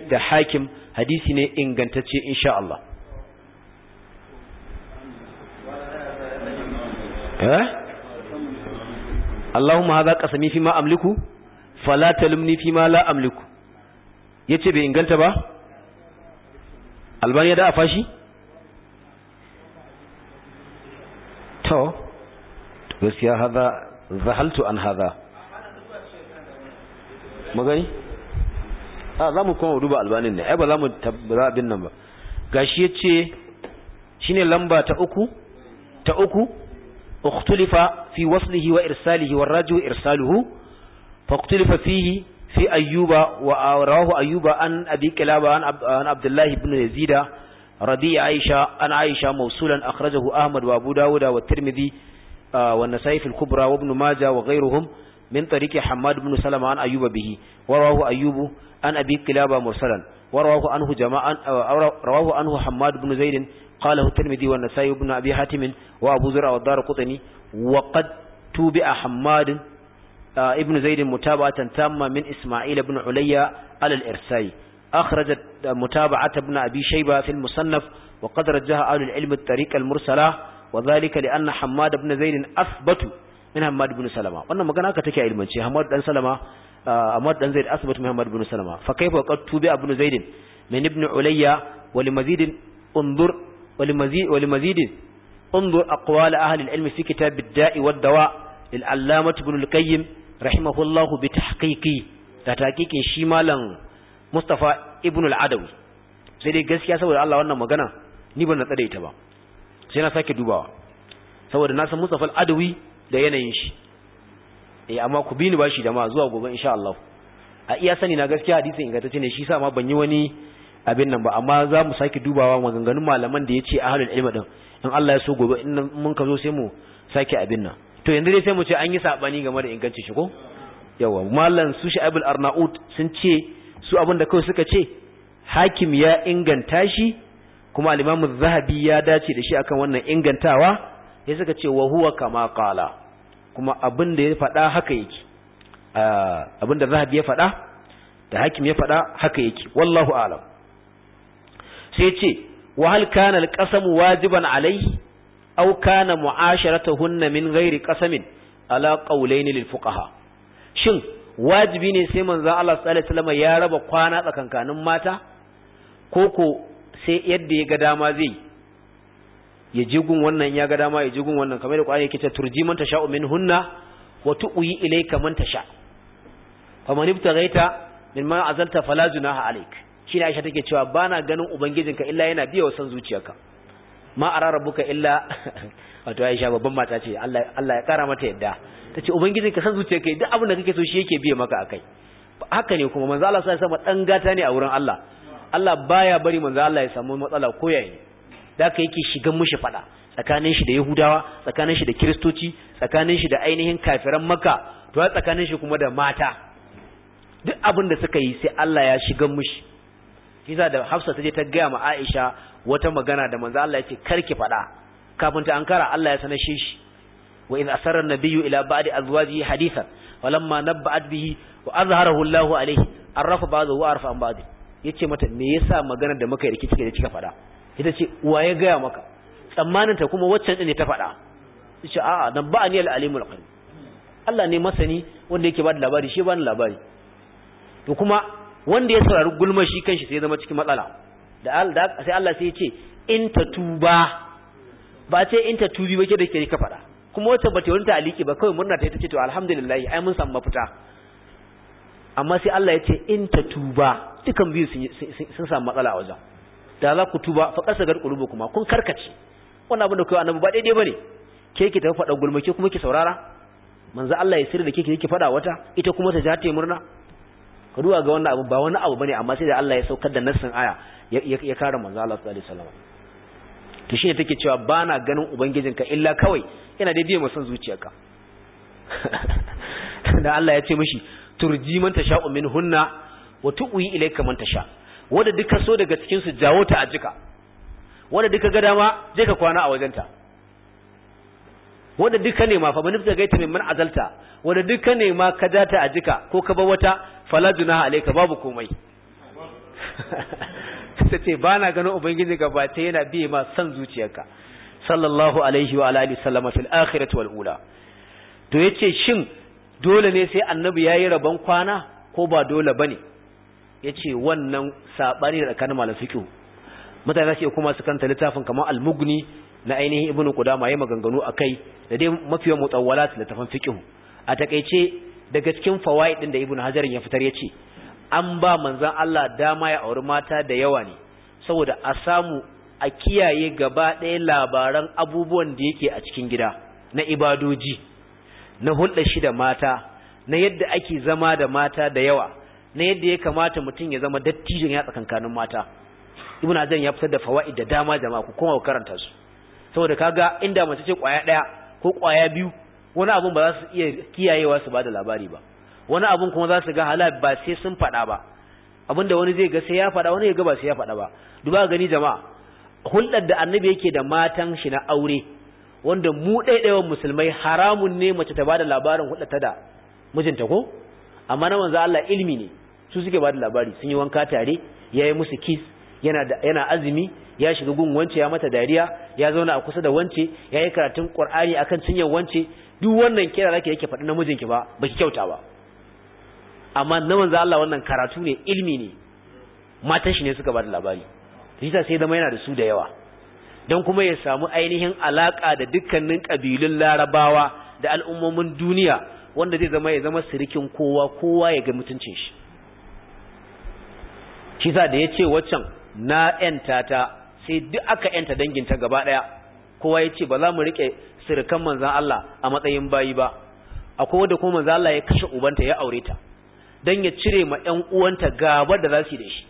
da hakim hadisi ne ingantacce insha Allah eh Allahumma hadha qasami fi ma amliku fala talumni fi ma la amliku yace bai inganta ba Albani ya da fashi to gaskiya haza. zahaltu an hadha magani a ah, za mu kuma duba albanin ne ai ba za mu tabbara abin nan ba gashi yace shine lamba ta uku ta uku ukhtulifa fi waslihi wa irsalihi warraju irsaluhu faqtulifa fihi fi ayyuba wa ah, rawahu ayyuba an abi kilaba an Abdullahi ibn yazida Rabi'i aisha an aisha mawsulan akhrajahu ahmad wa abu dawud wa tirmidhi آه، والنسائي في الكبرى وابن ماجه وغيرهم من طريق حماد بن سلمة عن أيوب به ورواه أيوب عن أبي كلابة مرسلا ورواه عنه جماعة آه، رواه عنه حماد بن زيد قاله الترمذي والنسائي بن أبي حاتم وأبو زرع والدار قطني وقد توبع حماد آه، ابن زيد متابعة تامة من إسماعيل بن عليا على الإرسائي أخرج متابعة ابن أبي شيبة في المصنف وقد رجها أهل العلم الطريق المرسلة wa zalika li anna hammad ibn zaid asbatu min hammad ibn salama wannan magana aka take a ilmance hammad dan salama hammad dan zaid asbatu min hammad ibn salama fa kaifa qad tubi ibn zaid min ibn ulayya wa li mazid unzur wa li انظر أقوال أهل العلم في كتاب الداء والدواء للعلامة ابن القيم رحمه الله بتحقيق تحقيق شمالا مصطفى ابن العدوي sai dai gaskiya saboda Allah wannan magana ni ban na tsare ita ba sai na sake dubawa saboda na san Mustafa al-Adawi da yanayin shi eh amma ku bi ni bashi da ma zuwa gobe insha Allah a iya sani na gaskiya hadisin ingantacce ne shi sa ma ban yi wani abin nan ba amma za mu sake dubawa maganganun malaman da yace ahlul ilmi din in Allah ya so gobe in mun ka zo sai mu sake abin nan to yanzu dai sai mu ce an yi sabani game da ingancin shi ko yawa mallan su abul arnaud sun ce su abin da kawai suka ce hakim ya inganta shi kuma al zahabi ya dace da shi akan wannan ingantawa ya suka ce wa huwa kama qala kuma abin da ya faɗa haka yake ah, abin da zahabi ya faɗa da hakim ya faɗa haka yake wallahu alam sai ce wa hal kana al-qasam wajiban alayhi aw kana mu'asharatuhunna min ghairi qasamin ala qawlayn lil fuqaha shin wajibi ne sai manzon Allah sallallahu alaihi wasallam ya raba kwana tsakankanin mata ko ko sai yadda ya ga dama zai ya jigun wannan ya ga dama ya jigun wannan kamar da kwari yake ta turji man tasha'u min hunna wa tu'yi ilayka man tasha faman ibtaghaita mimma azalta fala junaha alayk ne Aisha take cewa bana ganin ubangijinka illa yana biya wa san zuciyarka ma ara rabbuka illa (laughs) wato Aisha babban mata ce Allah Allah ya kara mata yadda tace ubangijinka san zuciyarka duk abin da kake so shi yake biya maka akai haka ne kuma manzo Allah sai sama dan gata ne a wurin Allah Allah baya bari manzo Allah ya samu matsala ko yayi da ka yake shigan mushi fada tsakanin shi da Yahudawa tsakanin shi da Kiristoci tsakanin shi da ainihin kafiran Makka to tsakanin shi kuma da mata duk abin da suka yi sai Allah ya shigan mushi kiza da Hafsa ta je ta gaya ma Aisha wata magana da manzo Allah ya ce karki fada kafin ta ankara Allah ya sanashe shi wa in asarra nabiyyu ila ba'di azwajihi hadithan walamma nabba'at bihi wa azharahu Allahu alayhi arrafa ba'dahu wa arfa an ba'dahu Ya ce mata me yasa magana da muka yi rikici da kika fada ita ce uwa ya gaya maka tsammanin ta kuma waccan din ne ta fada faɗa yace a'a dan ba ni al-alimul qadim Allah ne masani wanda yake bada labari shi ba ni labari to kuma wanda ya saurari gulma shi kanshi sai ya zama cikin matsala da sai Allah sai ya ce in ta tuba ba ce in ta tubi ba ke da ke ka kuma wata bata wani ta aliki ba kawai murna ta ita ce to alhamdulillah ai mun samu mafita amma sai Allah ya ce in ta tuba dukan biyu sun samu matsala a wajen da za ku tuba fa kasa gar kulubu kuma kun karkace wannan abin da kai annabi ba daidai bane ke ki tafi faɗa ke kuma ki saurara manzo Allah ya sirri da ke ki faɗa wata ita kuma ta ja ta murna ka duba ga wannan abu ba wani abu bane amma sai da Allah ya saukar da nassin aya ya kare manzo Allah sallallahu alaihi wasallam to shine take cewa bana ganin ubangijinka illa kawai yana daidai mu san zuciyarka (laughs) da Allah ya ce mishi turji man tasha min hunna wa tu'wi ilayka man tasha wanda duka so daga cikin su jawo ta a jika wanda duka ga dama je ka kwana a wajenta wanda duka ne ma fa man fita gaita min azalta wanda duka ne ma ka data a jika ko ka bar wata fala junaha alayka babu komai (laughs) ta ce ba na ganin ubangiji gabata yana biye ma san zuciyarka sallallahu alaihi wa alihi sallama fil akhirati wal ula to yace shin dole ne sai annabi ya yi rabon kwana ko ba dole ba ne? Ya ce wannan saɓani da kan malam fiqh mutane iya kuma su kanta littafin kamar almugni na ainihin ibnu ma ganganu maganganu kai, da dai wala su littafin fiqh a takaice daga cikin fawai ɗin da ibnu hajar ya fitar ya ce. an ba manzan Allah dama ya auri mata da yawa ne saboda a samu a kiyaye gaba ɗaya labaran abubuwan da yake a cikin gida na ibadoji na hulɗa shi da mata na yadda ake zama da mata da yawa na yadda ya kamata mutum ya zama dattijon ya tsakankanin mata ibn azan ya fitar da fawaid da dama da ku koma ku karanta su saboda kaga inda mace ce kwaya daya ko kwaya biyu wani abun ba za su iya kiyayewa su bada labari ba wani abun kuma za su ga hala ba sai sun faɗa ba abinda wani zai ga sai ya faɗa wani ya ga ba sai ya faɗa ba duba gani jama'a hulɗar da annabi yake da matan shi na aure wanda mu ɗaiɗaiwan musulmai haramun ne mace ta bada labarin hudata da mijinta ko amma na manzo Allah ilmi ne su suke bada labari sun yi wanka tare yayi musu kiss yana yana azumi ya shiga gun wance ya mata dariya ya zauna a kusa da wance yayi karatun Qur'ani akan cinyar wance duk wannan kira zaki yake faɗi mijinki ba baki kyauta ba amma na manzo Allah wannan karatu ne ilmi ne matan shi ne suka bada labari shi sai zama yana da su da yawa don kuma ya samu ainihin alaƙa da dukkanin kabilun larabawa da al'ummomin duniya wanda zai zama ya zama sirikin kowa kowa ya ga mutuncin shi shi sa da ya ce waccan na ‘yanta ta sai duk aka ‘yanta danginta gaba ɗaya kowa ya ce ba za mu riƙe sirikan manzan Allah a matsayin bayi ba a kowa da kuma manzan Allah ya kashe ubanta ya aure ta don ya cire ma ‘yan uwanta gaba da za su yi da shi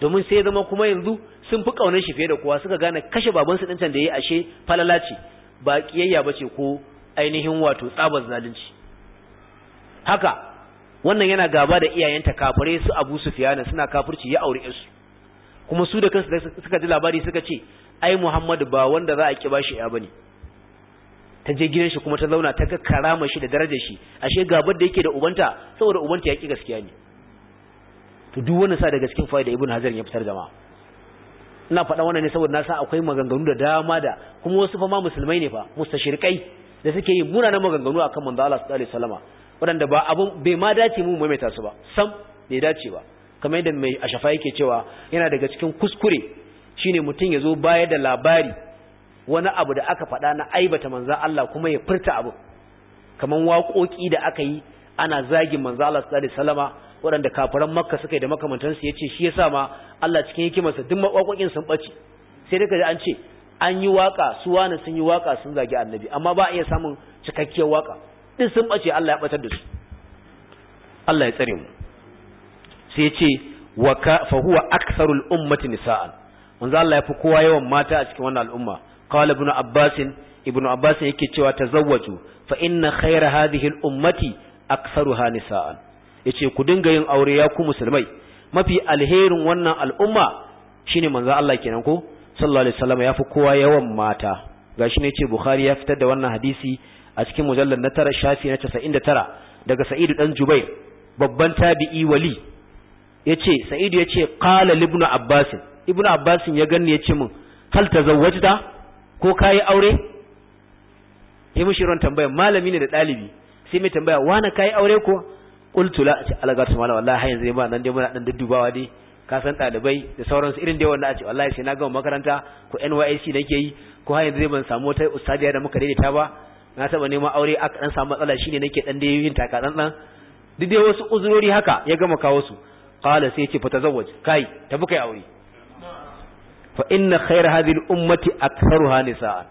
domin sai zama kuma yanzu sun fi kaunar shi fiye da kowa suka gane kashe babansu din can da yayi ashe falala ce ba kiyayya bace ko ainihin wato tsabar zalunci haka wannan yana gaba da iyayenta kafare su Abu Sufyan suna kafurci ya aure su kuma su da kansu suka ji labari suka ce ai Muhammadu ba wanda za a ki shi ya bane ta je gidan shi kuma ta zauna ta ga karama shi da darajar shi ashe gabar da yake da ubanta saboda ubanta ya ki gaskiya ne to duk wani sa da gaskin fa'ida ibn Hazar ya fitar jama'a ina faɗa wannan ne saboda na sa akwai maganganu da dama da kuma wasu fama musulmai ne fa mustashirkai da suke yi munanan maganganu akan manzo Allah sallallahu alaihi wasallama waɗanda ba abun bai ma dace mu maimaita su ba sam bai dace ba kamar yadda mai ashafa yake cewa yana daga cikin kuskure shine mutum ya zo baya da labari wani abu da aka faɗa na aibata manzo Allah kuma ya furta abu kamar waƙoƙi da aka yi ana zagin manzo Allah sallallahu alaihi wasallama waɗanda kafiran makka suka yi da makamantansu ya ce shi ya sa ma Allah cikin hikimarsa duk maƙwaƙwaƙin sun ɓace sai daga an ce an yi waƙa su wani sun yi waƙa sun zagi annabi amma ba a iya samun cikakkiyar waka duk sun ɓace Allah ya ɓatar da su Allah ya tsare mu sai ya ce wa ka fa huwa aktharul ummati nisa'an manzo Allah ya fi kowa yawan mata a cikin wannan al'umma qala ibn abbas ibn abbas yake cewa tazawwaju fa inna khayra hadhihi al ummati aktharuha nisa'an yace ku dinga yin aure ya ku musulmai mafi alherin wannan al'umma shine manzo Allah kenan ko sallallahu alaihi wasallam fi kowa yawan mata gashi ne ce bukhari ya fitar da wannan hadisi a cikin mujallar na tara shafi na 99 daga sa'idu dan jubair babban tabi'i wali yace sa'idu yace qala ibnu abbas ibnu abbas ya ganni yace min hal tazawwajta ko kai aure yi mushi ran tambaya malami ne da ɗalibi sai mai tambaya ka yi aure ko qultu la ce alaga ta mala wallahi yanzu ba nan dai muna dan dubawa dai ka san dalibai da sauransu irin dai wanda a ce wallahi sai na gama makaranta ko NYC nake yi ko har yanzu ban samu wata ustadiya da muka daidaita ba na saba neman aure aka dan samu matsala shine nake dan dai yin taka dan dan duk dai wasu uzurori haka ya gama kawo su qala sai yace fatazawwaj kai tafi kai aure fa inna khair hadhihi al-ummati aktharuha nisaa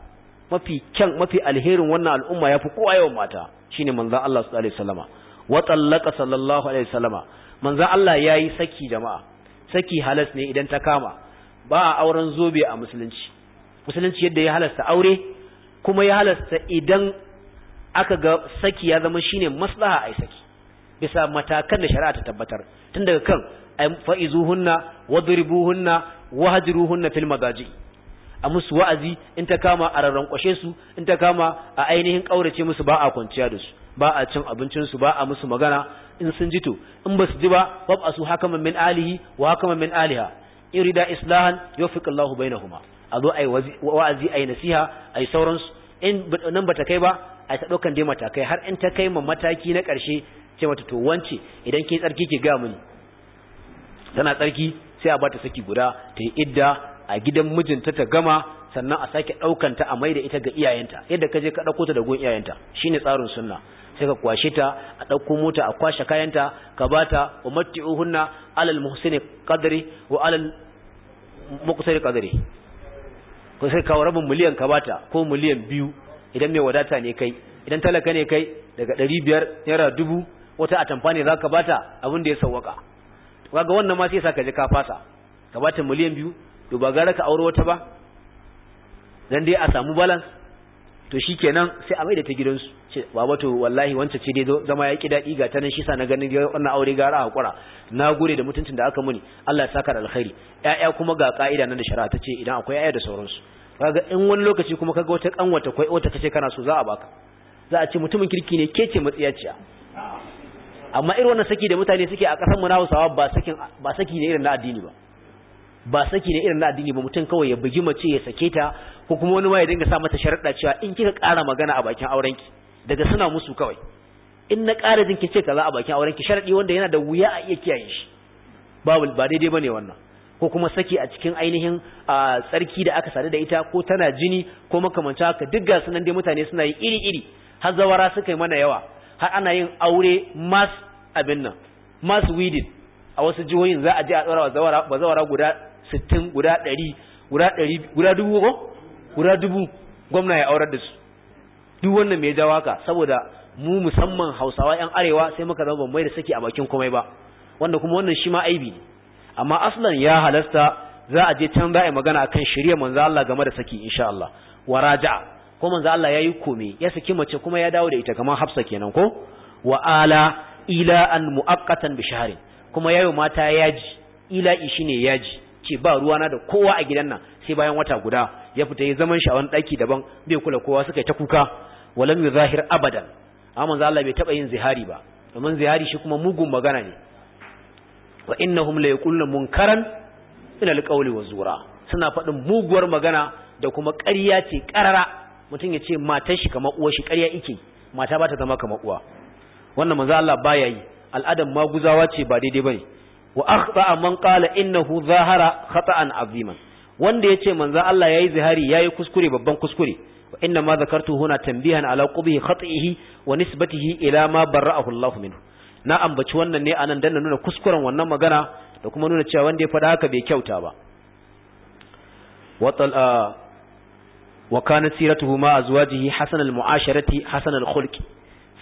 mafi kyan mafi alherin wannan al'umma yafi kowa yawan mata shine manzon Allah sallallahu alaihi wasallama wa tallaka sallallahu alaihi wasallama manzo Allah yayi saki jama'a saki halas ne idan ta kama ba a auren zobe a musulunci musulunci yadda ya halasta aure kuma ya halasta idan aka ga saki ya zama shine maslaha ai saki bisa matakan da shari'a ta tabbatar tun daga kan fa'izuhunna wadribuhunna wahjruhunna fil madaji a musu wa'azi in ta kama a rarrankwashe su in ta kama a ainihin kaurace musu ba a kwanciya da su ba a cin abincinsu ba a musu magana in sun ji to in ba su ji ba bab asu hakaman min alihi wa hakaman min aliha in rida islahan yufiq Allahu bainahuma a zo ai wa'azi ai nasiha ai sauransu in nan bata kai ba ai ta daukan dai matakai har in ta kai ma mataki na karshe ce mata to wance idan kin tsarki ke ga mini tana tsarki sai a bata saki guda ta yi idda a gidan mijinta ta gama sannan a sake ɗaukanta a mai da ita ga iyayenta yadda ka je ka ɗauko ta da gun iyayenta shine tsarin sunna sai ka kwashe ta a ɗauko mota a kwashe kayanta ka ba ta wa matti'uhunna alal muhsini qadri wa alal muqsiri qadri ko sai kawo rabin miliyan ka ba ta ko miliyan biyu idan mai wadata ne kai idan talaka ne kai daga ɗari biyar naira dubu wata atamfa ne za ka ta abin da ya sauwaka kaga wannan ma sai sa ka je ka fasa ka ba ta miliyan biyu to ba gara ka aure wata ba dan dai a samu balance to shikenan sai a mai da ta gidansu ce ba wato wallahi wancan ce dai zama ya ki daɗi ga ta nan shi sa na ganin wannan aure gara hakura na gure da mutuncin da aka muni Allah ya saka da alkhairi ƴaƴa kuma ga ka'ida nan da shari'a ta ce idan akwai ƴaƴa da sauransu kaga in wani lokaci kuma kaga wata kanwata kwai wata kace kana so za a baka za a ce mutumin kirki ne ke ce matsiyaciya amma irin wannan saki da mutane suke a ƙasar mu na Hausawa ba sakin ba saki ne irin na addini ba ba saki ne irin na addini ba mutum kawai ya bugi mace ya sake ta ko kuma wani ma ya dinga sa mata sharaɗa cewa in kika ƙara magana a bakin aurenki daga suna musu kawai in na ƙara jinkin ce ce kaza a bakin auren ki sharadi wanda yana da wuya a iya kiyaye shi babu ba daidai bane wannan ko kuma saki a cikin ainihin tsarki da aka sadu da ita ko tana jini ko makamanci haka duk ga sunan dai mutane suna yi iri-iri har zawara suka yi mana yawa har ana yin aure mass abin nan mass wedding a wasu jihohin za a je a tsara zawara ba zawara guda 60 guda 100 guda 100 guda dubu ko guda dubu gwamna ya aurar da su duk wannan mai jawo haka saboda mu musamman hausawa yan arewa sai muka zama bambai da saki a bakin komai ba wanda kuma wannan shi ma aibi ne amma aslan ya halasta za a je can za a yi magana akan shirya manzo Allah game da saki insha Allah wa raja ko manzo Allah ya yi kome ya saki mace kuma ya dawo da ita kamar Hafsa kenan ko wa ala ila an muaqqatan bi shahrin kuma yayo mata yaji ila'i ne yaji ce ba ruwana da kowa a gidan nan sai bayan wata guda ya fita ya zaman shi a wani daki daban bai kula kowa suka ta kuka walam zahir abadan amma manzo Allah bai taba yin zihari ba domin zihari shi kuma mugun magana ne wa innahum la yaquluna munkaran min alqawli wa zura suna faɗin muguwar magana da kuma ƙarya ce ƙarara mutum ya ce matar shi kamar uwar shi ƙarya ike mata ba ta zama kamar uwa wannan manzo Allah baya yi al'adan maguzawa ce ba daidai bane wa akhta man qala innahu zahara khata'an aziman wanda yace manzo Allah yayi zihari yayi kuskure babban kuskure inna ma zakartu huna tanbihan ala qubhi khatihi wa nisbatihi ila ma barra'ahu Allah minhu na ambaci wannan ne anan dan nuna kuskuren wannan magana da kuma nuna cewa wanda ya faɗa haka bai kyauta ba watal wa kana siratuhu ma azwajihi hasan al-mu'asharati hasan al-khulqi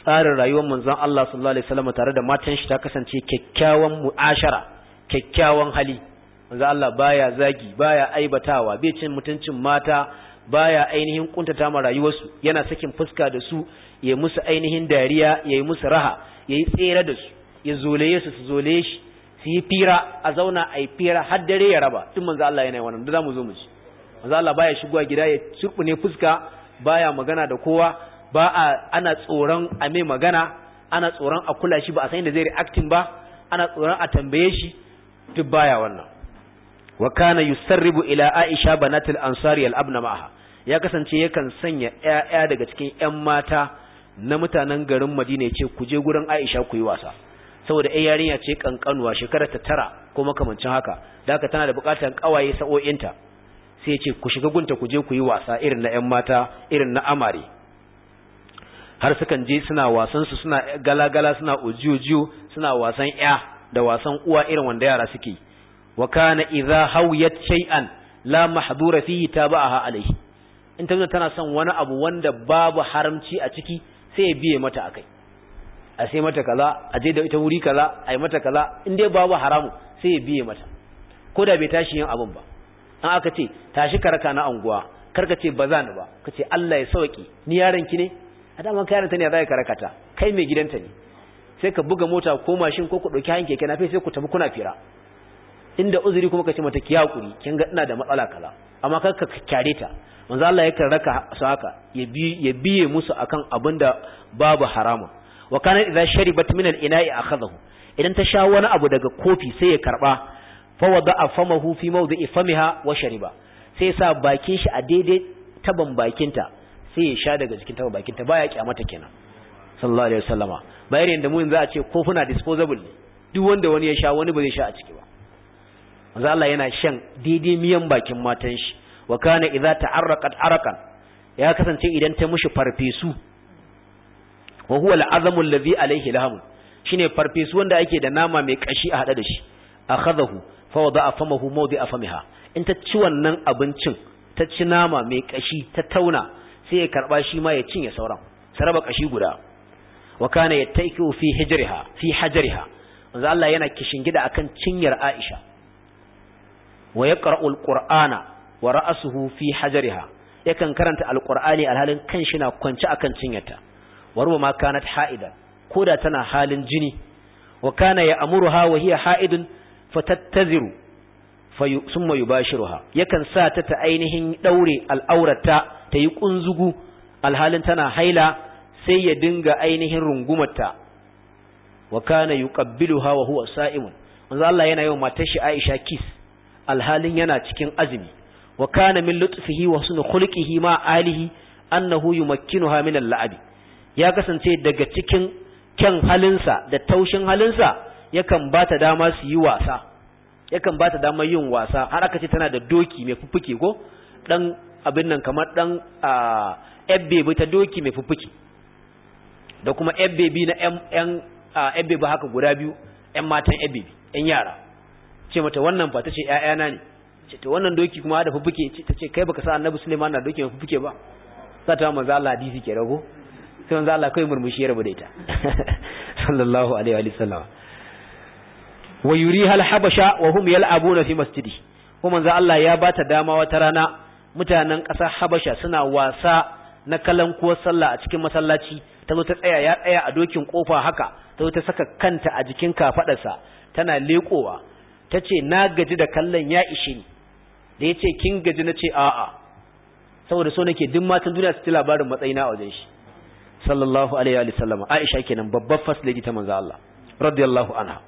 tsarin rayuwar manzon Allah sallallahu alaihi wasallam tare da matan shi ta kasance kyakkyawan mu'ashara kyakkyawan hali manzo Allah baya zagi baya aibatawa bai cin mutuncin mata baya ainihin kuntata ma rayuwarsu yana sakin fuska da su ya musu ainihin dariya ya yi musu raha ya yi tsere da su ya zole su su zole shi su yi fira a zauna a yi fira har dare ya raba tun manzo Allah yana wannan da zamu zo mu ci manzo Allah baya shigowa gida ya ne fuska baya magana da kowa ba a ana tsoron a mai magana ana tsoron a kula shi ba a san inda zai reacting ba ana tsoron a tambaye shi duk baya wannan wa kana yusarribu ila aisha banatil ansari al abna ma'aha ya kasance yakan sanya 'ya'ya daga cikin 'yan mata na mutanen garin Madina yace ku je gurin Aisha ku yi wasa saboda ai yarinya ce kankanuwa shekara ta tara ko makamancin haka haka tana da bukatar kawaye sa'o'inta sai yace ku shiga gunta ku je ku yi wasa irin na ƴan mata irin na amare har sukan je suna wasan su suna galagala suna ujiyo suna wasan ƴa da wasan uwa irin wanda yara suke yi wa kana idza hawiyat shay'an la mahdura fihi tabaha alayhi in ta tana son wani abu wanda babu haramci a ciki sai ya biye mata akai a sai mata kaza a je da ita wuri kaza a yi mata kaza in dai babu haramu sai ya biye mata ko da bai tashi yin abun ba an aka ce tashi karaka na anguwa karka ce ba za ni ba ka ce Allah ya sauki ni yaron ki ne a daman kayan ta ne za ka ta. kai mai gidanta ne sai ka buga mota ko mashin ko ku ɗauki hanke kana sai ku tafi kuna fira inda uzuri kuma ka ce mata ki hakuri kin ga ina da matsala kaza amma kar ka kyare ta manzo Allah ya karraka su haka ya bi ya biye musu akan abinda babu harama wa kana idza sharibat min al-ina'i akhadahu idan ta sha wani abu daga kofi sai ya karba fa wada afamahu fi mawdi'i famiha wa shariba sai sa bakin shi a daidai taban bakinta sai ya sha daga cikin taban bakinta baya kyamata kenan sallallahu alaihi wasallama bayan da mu yanzu a ce kofuna disposable ne duk wanda wani ya sha wani ba zai sha a ciki manzo Allah yana shan daidai miyan bakin matan shi wa kana idza ta'arraqat ya kasance idan ta mushi farfesu wa huwa al'azamu alladhi alayhi lahm shine farfesu wanda ake da nama mai kashi a hada da shi akhadahu fa wada'a famahu mawdi'a famiha in ta ci wannan abincin ta ci nama mai kashi ta tauna sai ya karba shi ma ya cinye sauran saraba kashi guda wa kana yattaiku fi hijriha fi hajriha manzo Allah yana kishingida akan cinyar Aisha wa yaqra'u alqur'ana wa ra'asuhu fi hajariha yakan karanta Alƙur'ani, alhalin kanshi na kwance akan cinyarta warwa ma kanat ha'idan koda tana halin jini wa kana ha wa hiya ha'idun yi bashiru ha, yakan sa ta ta ainihin daure al'aurata ta yi kunzugu alhalin tana haila sai ya dinga ainihin rungumata, wa kana ha wa huwa sa'imun manzo Allah yana yawan matar shi Aisha kiss alhalin yana cikin azumi wa kana min lutfihi wa sunu khulqihi ma alihi annahu yumakkinuha min al-la'abi ya kasance daga cikin kyan halinsa da taushin halinsa yakan ba ta dama su yi wasa yakan ba ta dama yin wasa har aka ce tana da doki mai fuffuke ko dan abin nan kamar dan ebbe ta doki mai fuffuke da kuma ebbe na yan ebbe haka guda biyu yan matan ebbe yan yara ce mata wannan fa ƴaƴa ƴaƴana ne ce to wannan doki kuma da fufuke ce kai baka sa Annabi Sulaiman na doki mai fufuke ba za ta manzo Allah hadisi ke rago sai manzo Allah kai murmushi ya rabu da ita (laughs) sallallahu alaihi wa sallam wa yuriha al-habasha wa hum yal'abuna fi masjidi kuma manzo Allah ya bata dama wata rana mutanen ƙasar Habasha suna wasa na kalan kuwa sallah a cikin masallaci ta zo ta tsaya ya tsaya a dokin kofa haka ta zo ta saka kanta a jikin kafadarsa tana lekowa ta ce na gaji da kallon ya ishe ni da ya ce kin gaji na ce a'a saboda so nake duk matan duniya su ci labarin matsayina a wajen shi sallallahu alaihi wa sallam aisha kenan babbar first lady ta manzo Allah radiyallahu anha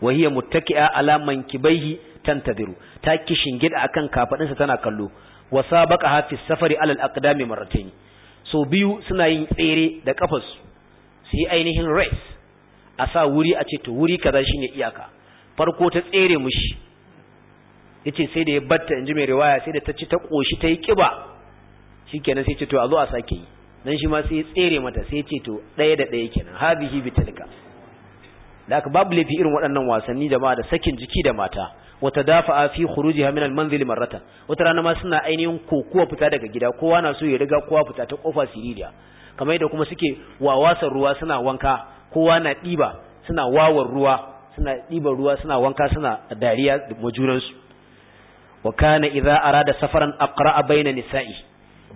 wa hiya muttaki'a ala mankibaihi tantadiru ta kishin gida akan kafadinsa tana kallo wa sabaqa fi safari ala al-aqdami marratayn so biyu suna yin tsere da kafarsu su yi ainihin race a sa wuri a ce to wuri kaza shine iyaka farko ta tsere mushi yace sai da ya batta inji mai riwaya sai da ta ci ta koshi ta yi kiba shikenan sai ce to a zo a sake yi dan shi ma sai ya tsere mata sai ce to daya da ɗaya kenan habihi bitalka aka babu laifi irin waɗannan wasanni jama'a da sakin jiki da mata wata dafa'a fi khurujiha min al-manzil marratan wata rana ma suna ainihin kokuwa fita daga gida kowa na so ya riga kowa fita ta kofa siririya kamar yadda kuma suke wawasan ruwa suna wanka kowa na ɗiba suna wawan ruwa suna ɗiban ruwa suna wanka suna dariya da majuransu wa kana idza arada safaran aqra'a baina nisa'i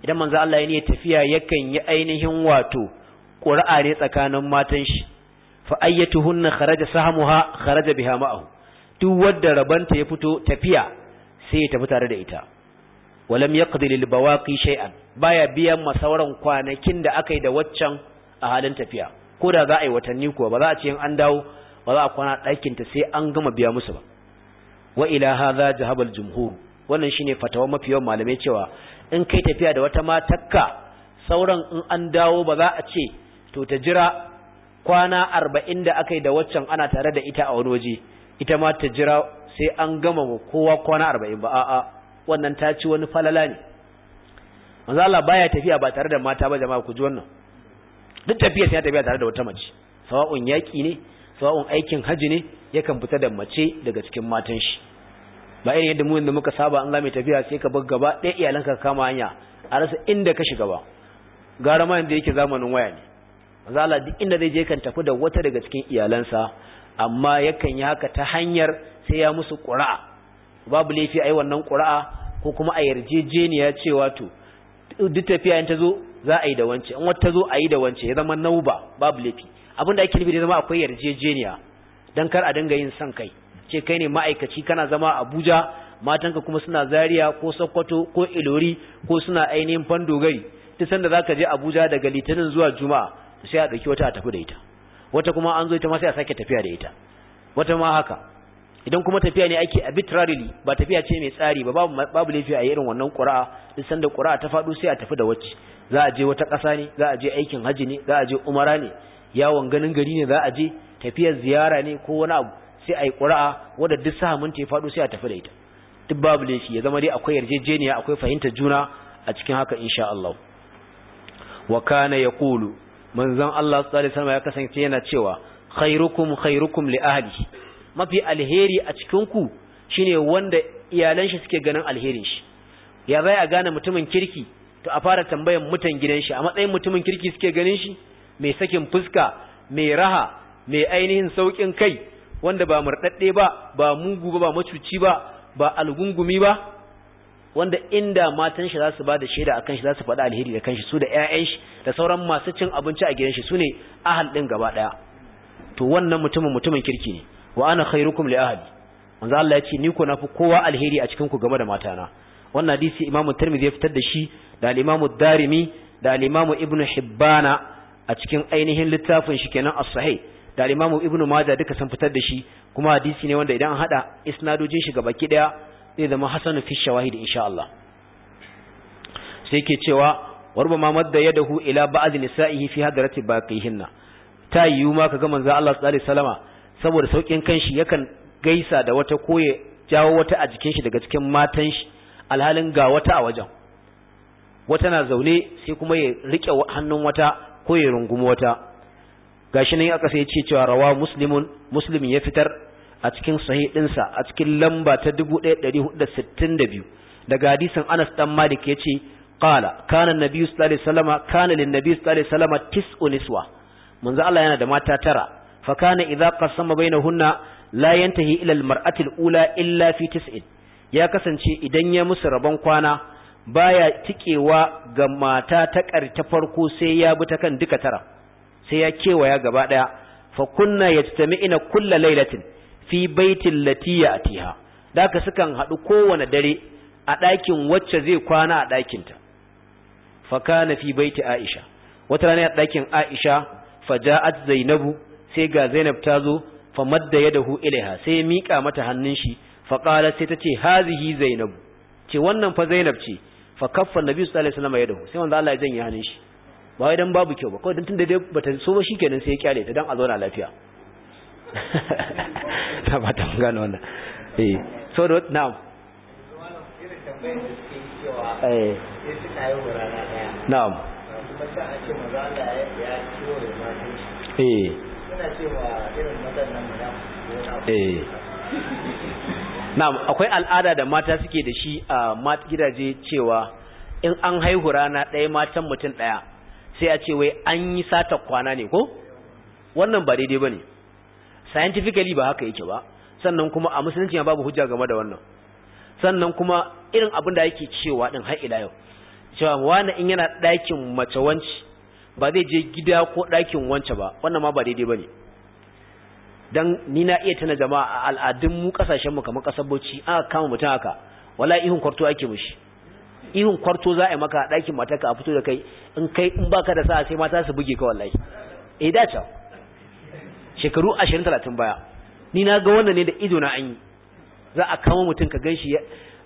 idan manzo Allah ya ne tafiya yakan yi ainihin wato qur'a ne tsakanin matan shi fa ayyatuhunna kharaja sahamuha kharaja biha ma'ahu duk wanda rabanta ya fito tafiya sai ya tafi tare da ita walam yaqdi lil bawaqi shay'an baya biyan masauran kwanakin da aka yi da waccan a halin tafiya ko da za a yi watanni kuwa ba za a ce an dawo ba za a kwana ɗakin ta sai an gama biya musu ba wa ila hadha jahabal jumhur wannan shine fatawa mafi yawan malamai cewa in kai tafiya da wata matakka sauran in an dawo ba za a ce to ta jira kwana arba'in da aka yi da waccan ana tare da ita a wani waje ita ma ta jira sai an gama kowa kwana arba'in ba a'a wannan ta ci wani falala ne manzo Allah baya tafiya ba tare da mata ba jama'a ku ji wannan duk tafiya sai tafiya tare da wata mace sawa'un yaki ne sawa'un aikin haji ne yakan fita da mace daga cikin matan shi ba irin yadda mu da muka saba an ga mai tafiya sai ka bar gaba ɗaya iyalanka ka kama hanya a rasa inda ka shiga ba gara ma yanda yake zamanin waya ne manzo duk inda zai je kan tafi da wata daga cikin iyalansa amma yakan yi haka ta hanyar sai ya musu ƙura'a babu laifi ayi wannan ƙura'a ko kuma a yarjejeniya cewa to duk tafiya in ta zo za a yi da wance in wata zo a yi da wance ya zama nauba babu laifi abin da ake nufi da zama akwai yarjejeniya dan kar a dinga yin son kai ce kai ne ma'aikaci kana zama Abuja matanka kuma suna Zariya ko Sokoto ko Ilori ko suna ainihin Fandogari duk sanda ka je Abuja daga Litinin zuwa Juma'a sai a dauki wata a tafi da ita wata kuma an zo ita ma sai a sake tafiya da ita wata ma haka idan kuma tafiya ne ake arbitrarily ba tafiya ce mai tsari ba babu babu laifi a irin wannan qura'a duk sanda qura'a ta faɗo sai a tafi da wacce za a je wata ƙasa ne za a je aikin haji ne za a je umara ne yawon ganin gari ne za a je tafiyar ziyara ne ko wani abu sai a yi ƙura'a wadda duk ta ya faɗo sai a tafi da ita duk babu laifi ya zama dai akwai yarjejeniya akwai fahimtar juna a cikin haka insha Allah wa kana yaqulu manzon Allah sallallahu alaihi wasallam ya kasance yana cewa khairukum khairukum li ahlihi mafi alheri a cikin ku shine wanda iyalan shi suke ganin alherin shi ya bai a gane mutumin kirki to a fara tambayan mutan gidan shi a matsayin mutumin kirki suke ganin shi mai sakin fuska mai raha mai ainihin saukin kai wanda ba murɗaɗɗe ba ba mugu ba ba macuci ba ba algungumi ba wanda inda matan shi za su ba da shaida akan shi za su faɗa alheri da kanshi su da ƴaƴan shi da sauran masu cin abinci a gidan shi su ne ahal ɗin gaba ɗaya to wannan mutumin mutumin kirki ne wa ana khairukum li ahli manzo Allah ya ce ni ko nafi kowa alheri a cikin ku game da matana wannan hadisi imamu tirmidhi ya fitar da shi da al-imamu darimi da al-imamu ibnu hibbana a cikin ainihin littafin shi kenan as-sahih da Imam Ibn Majah duka sun fitar da shi kuma hadisi ne wanda idan an hada isnadojin shi gabaki daya zai zama hasanu fi shawahid insha Allah sai yake cewa warba ma madda yadahu ila ba'd nisa'ihi fi hadrati baqihinna ta yiwu ma kaga manzo Allah sallallahu alaihi wasallama saboda saukin kanshi yakan gaisa da wata koye jawo wata a jikin shi daga cikin matan shi alhalin ga wata a wajen wata na zaune sai kuma ya rike hannun wata ko ya rungumi wata gashi nan aka sai ce cewa rawa muslimun muslim ya fitar a cikin sahih dinsa a cikin lamba ta 1462 daga hadisin Anas dan Malik yace qala kana an-nabi sallallahu alaihi wasallama kana lin-nabi sallallahu alaihi wasallama tis'u niswa manzo Allah yana da mata tara fa kana idza qassama bainahunna la yantahi ila al-mar'ati al-ula illa fi tis'in ya kasance idan ya musu rabon kwana baya cikewa ga mata ta ƙarta farko sai ya bi ta kan duka tara sai ya kewaya gaba ɗaya fa kunna yajtami'ina kulla lailatin fi baitin lati ya'tiha daka sukan haɗu kowane dare a ɗakin wacce zai kwana a ɗakinta fa kana fi baiti Aisha wata rana a ɗakin Aisha fa faja'at Zainabu sai ga Zainab ta zo fa madda yadahu ilaiha sai ya mika mata hannun shi fa qala sai ce hazihi Zainabu, ce wannan fa zainab ce fa kaffa annabi sallallahu alaihi wasallam yadahu sai manzo Allah ya janye hannun shi ba wai dan babu kyau ba kawai dan tunda dai bata so ba shikenan sai ya kyale ta dan a zauna lafiya (laughs) ta ba ta gano wannan eh so dot now eh na'am eh eh na'am akwai al'ada da mata suke da shi a gidaje cewa in an haihu rana ɗaya matan mutum ɗaya sai a ce wai an yi sata kwana ne ko wannan ba daidai ba ne. scientifically ba haka yake ba sannan kuma a musulunci ya babu hujja game da wannan sannan kuma irin abin da yake cewa din har ila yau cewa wani in yana ɗakin mace wanci ba zai je gida ko ɗakin wance ba wannan ma ba daidai ba ne. dan ni na iya tana jama'a al'adun mu kasashen mu kamar kasar bauchi aka kama mutum haka wala ihun kwarto ake mushi ihun kwarto za a yi maka ɗakin matarka a fito da kai in kai in baka da sa'a sai mata su buge ka wallahi eh da ta shekaru 20 30 baya ni na ga wannan ne da ido na an yi za a kama mutum ka ganshi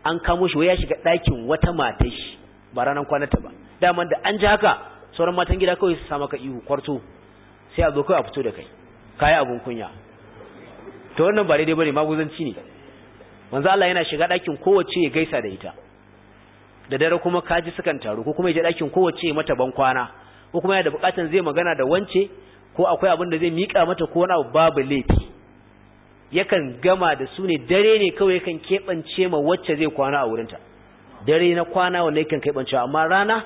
an kamo shi wai ya shiga ɗakin wata mata shi ba ranar kwanata ba dama da an ji haka sauran matan gida kawai su sa maka ihu kwarto sai a zo kawai a fito da kai kayi abun kunya to wannan ba daidai bane maguzanci ne manzo Allah yana shiga ɗakin kowace ya gaisa da ita da dare kuma kaji sukan taru ko kuma ya je ɗakin kowace mata ban kwana ko kuma yana da bukatan zai magana da wance ko akwai abin da zai mika mata ko wani abu babu laifi yakan gama da su ne dare ne kawai yakan keɓance ma wacce zai kwana a wurinta dare na kwana wanda yakan keɓance amma rana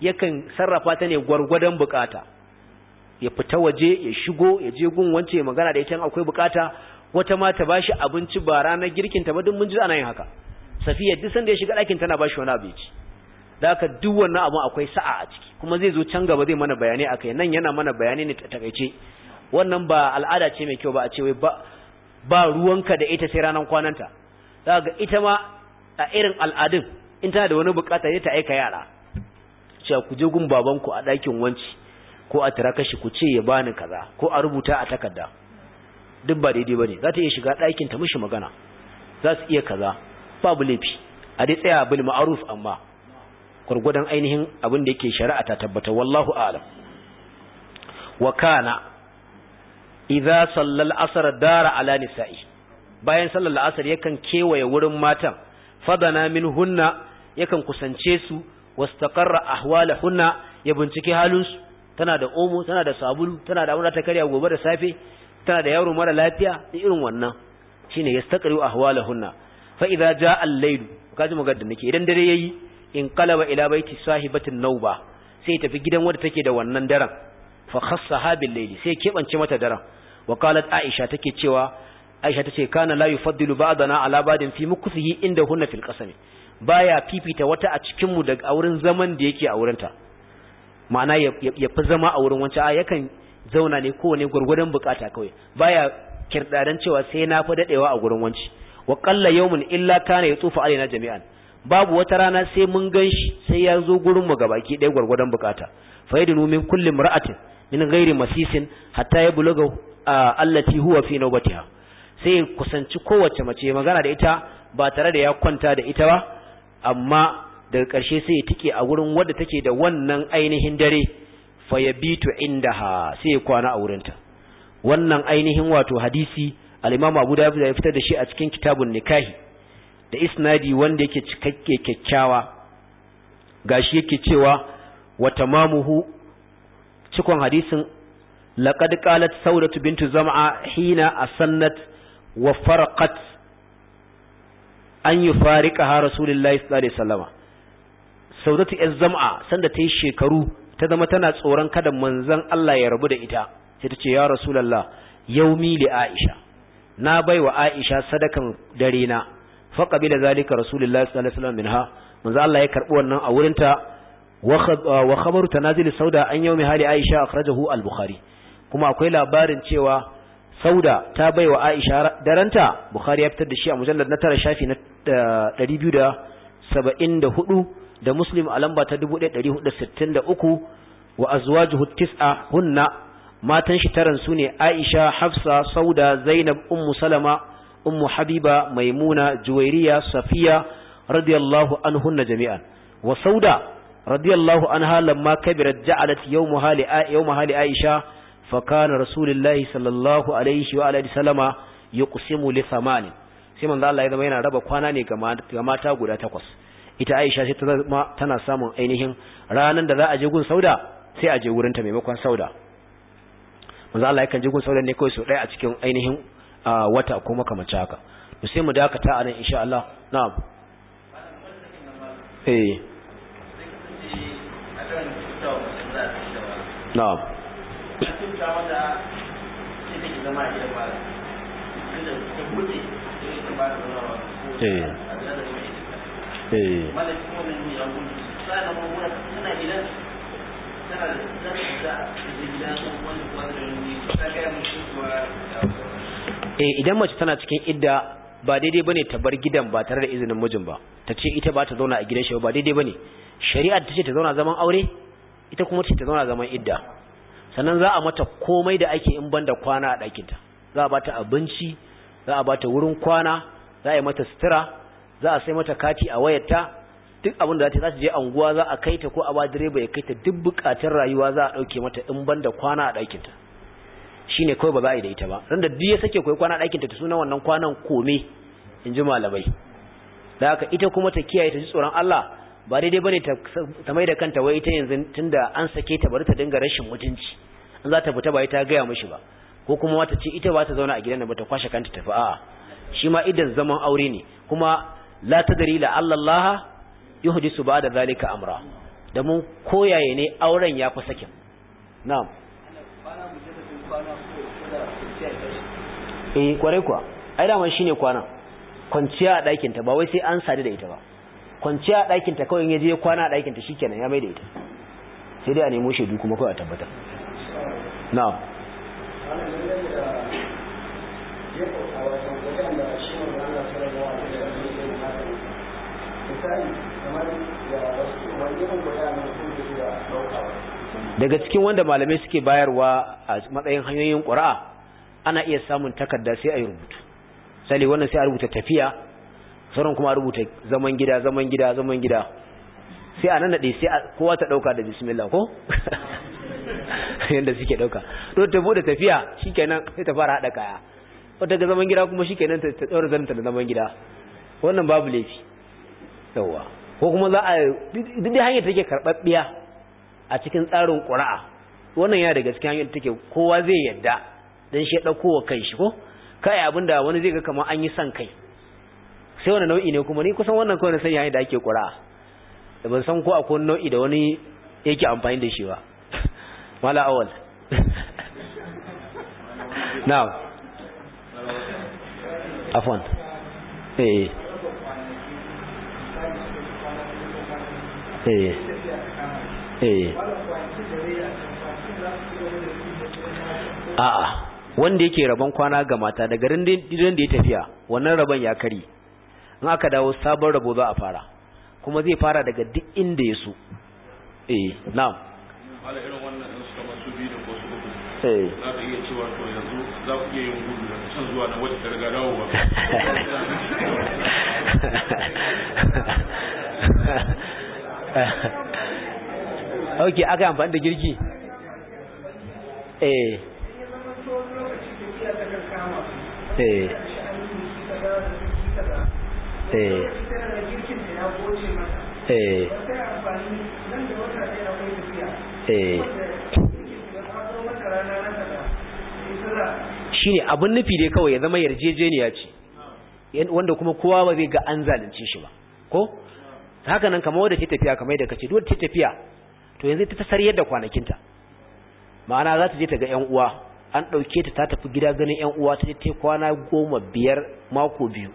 yakan sarrafa ta ne gwargwadon bukata ya fita waje ya shigo ya je gun wance magana da ita akwai bukata wata ma ta bashi abinci ba ranar girkin ta ba duk mun ji ana yin haka safiya duk sanda ya shiga ɗakin tana bashi wani abinci da ka duk wannan abu akwai sa'a a ciki kuma zai zo can gaba zai mana bayani akai nan yana mana bayani ne takaice wannan ba al'ada ce mai kyau ba a ce wai ba ba ruwanka da ita sai ranar kwananta da ga ita ma a irin al'adun in tana da wani bukata ne ta aika yara cewa ku je gun babanku a ɗakin wanci ko a tara kashi ku ce ya bani kaza ko a rubuta a takarda duk ba daidai bane za ta iya shiga ɗakin ta mishi magana za su iya kaza babu laifi a dai tsaya bil ma'ruf amma gurgudan ainihin abin da yake shari'a ta tabbata wallahu a'lam wa kana idza sallal asr dara ala nisa'i bayan sallar la'asar yakan kewaye wurin matan fadana min hunna yakan kusance su wastaqarra hunna, ya bincike halinsu tana da omo tana da sabulu tana da abin ta karya gobe da safe tana da yaro mara lafiya da irin wannan shine yastaqri ahwalahunna fa idza jaa al-layl kaji magar da nake idan dare yayi in qalaba ila baiti sahibatin nauba sai tafi gidan wanda take da wannan daren fa khassaha bil layl sai kebance mata daren wa qalat aisha take cewa aisha tace kana la yufaddilu ba'dana ala ba'din fi mukthihi inda hunna fil qasami baya fifita wata a cikin mu daga wurin zaman da yake a wurinta ma'ana ya fi zama a wurin wancan a yakan zauna ne kowane gurgurdan bukata kawai baya kirdadan cewa sai na fi dadewa a gurin wanci wa qalla yawmin illa kana yatufu alaina jami'an babu wata rana sai mun ganshi sai ya zo gurin mu gabaki ɗaya gurgurdan bukata faidinu min kulli mar'atin min ghairi masisin hatta ya buluga allati huwa fi nawbatiha sai kusanci kowace mace magana da ita ba tare da ya kwanta da ita ba amma daga ƙarshe sai ya tike a gurin wadda take da wannan ainihin dare bi fayabitu indaha sai ya kwana a wurinta wannan ainihin wato hadisi al-Imam Abu Dawud ya fitar da shi a cikin kitabun nikahi da isnadi wanda yake cikakke kyakkyawa gashi yake cewa wa tamamuhu cikon hadisin laqad qalat saudatu bintu zam'a hina asannat wa farqat an yufariqaha rasulullahi sallallahu alaihi wasallama saudatu az-zam'a sanda ta yi shekaru ta zama tana tsoron kada manzon Allah ya rabu da ita sai ta ce ya rasulullah yaumi li aisha na baiwa aisha sadakan dare na fa qabila zalika rasulullah sallallahu alaihi wasallam minha manzon Allah ya karbi wannan a wurin ta wa khabaru tanazil sauda an yaumi hali aisha akhrajahu al-bukhari kuma akwai labarin cewa sauda ta baiwa aisha daranta bukhari ya fitar da shi a mujallad na tara shafi na 274 eh, da muslim a lamba ta 1463 wa azwajuhu tis'a hunna matan shi taran su ne aisha hafsa sauda zainab ummu salama ummu habiba maimuna juwairiya safiya radiyallahu an hunna jami'an wa sauda radiyallahu anha lamma kabirat ja'alat yau hali hali aisha Fakana kana rasulullahi sallallahu alaihi wa alihi sallama yuqsimu li thamanin sai manzo Allah ya zama yana raba kwana ne ga mata guda takwas ita Aisha sai ta tana samun ainihin ranan da za a je gun Sauda sai a je wurin ta maimakon Sauda manzo Allah yakan je gun Sauda ne kai so ɗaya a cikin ainihin wata ko mace haka to sai mu dakata a nan insha Allah na'am eh na'am yeah. Eh. Eh, idan mace tana cikin idda ba daidai bane ta bar gidan ba tare da izinin mijin ba ta ce ita ba ta zauna a gidan shi ba daidai bane shari'a ta ce ta zauna zaman aure ita kuma ce ta zauna zaman idda sannan za a mata komai da ake in banda kwana a ɗakinta za a bata abinci za a bata wurin kwana za a yi mata sutura za a sai mata kati a wayarta duk abin da za ta je anguwa za a kai ta ko a ba direba ya kai ta duk bukatun rayuwa za a dauke mata in da kwana a ɗakin ta shine kawai ba za a yi da ita ba ran da duk ya sake koyi kwana a ɗakin ta ta suna wannan kwanan kome in ji malamai da haka ita kuma ta kiyaye ta ji tsoron Allah ba daidai bane ta ta mai da kanta wai ita yanzu tunda an sake ta bari ta dinga rashin mutunci an za ta fita ba ita gaya mishi ba ko kuma wata ce ita ba ta zauna a gidan ba ta kwashe kanta tafi a'a shi ma idan zaman aure ne kuma la tadri la Allah yuhdisu ba'da zalika amra da mu koyaye ne auren ya fa sakin na'am eh kware kuwa ai dama shine kwana kwanciya a ɗakinta ta ba wai sai an sadu da ita ba kwanciya a ɗakinta ta kawai in yaje kwana a ɗakin ta shikenan ya mai da ita sai dai a nemo shaidu kuma kawai a tabbatar na'am daga cikin wanda malamai suke bayarwa a matsayin hanyoyin ƙura'a ana iya samun takarda sai a yi rubutu sali wannan sai a rubuta tafiya sauran kuma a rubuta zaman gida zaman gida zaman gida sai a nan naɗe sai kowa ta ɗauka da bismillah ko (laughs) yadda suke ɗauka don ta bude tafiya shikenan sai ta fara haɗa kaya wata ga zaman gida kuma shikenan ta ɗaura zanta da zaman gida wannan babu laifi yawwa ko kuma za a duk da hanyar take karɓaɓɓiya a cikin tsarin ƙura'a wannan ya daga cikin hanyar take kowa zai yadda don shi ya ɗauko wa kai shi ko kai abinda wani zai ga kamar an yi san kai sai wani nau'i ne kuma ni kusan wannan kawai na sanya da ake ƙura'a da ban san ko a kowane nau'i da wani yake amfani da shi ba mala awal (laughs) Eh. a'a wanda yake rabon kwana ga mata daga rindin da ya tafiya wannan rabon ya kari in aka dawo sabon rabo za a fara kuma zai fara daga duk inda ya so eh na'am ala irin wannan in suka masu biyu da ko uku eh. za ka iya cewa to yanzu za ku iya yin gudu da can zuwa na wacce ta riga dawowa (laughs) ok aka amfani da girki eh. eh eh eh eh shi ne abin nufi dai kawai ya zama yarjejeniya ce wanda kuma kowa ba zai ga an zalunce shi ba ko haka nan kama wadda ke tafiya kama yadda ka ce, duk ta tafiya to yanzu ta saryar da kwanakinta ma'ana za ta je ta ga yan uwa an ɗauke ta ta tafi gida ganin yan uwa ta je ta kwana goma biyar mako biyu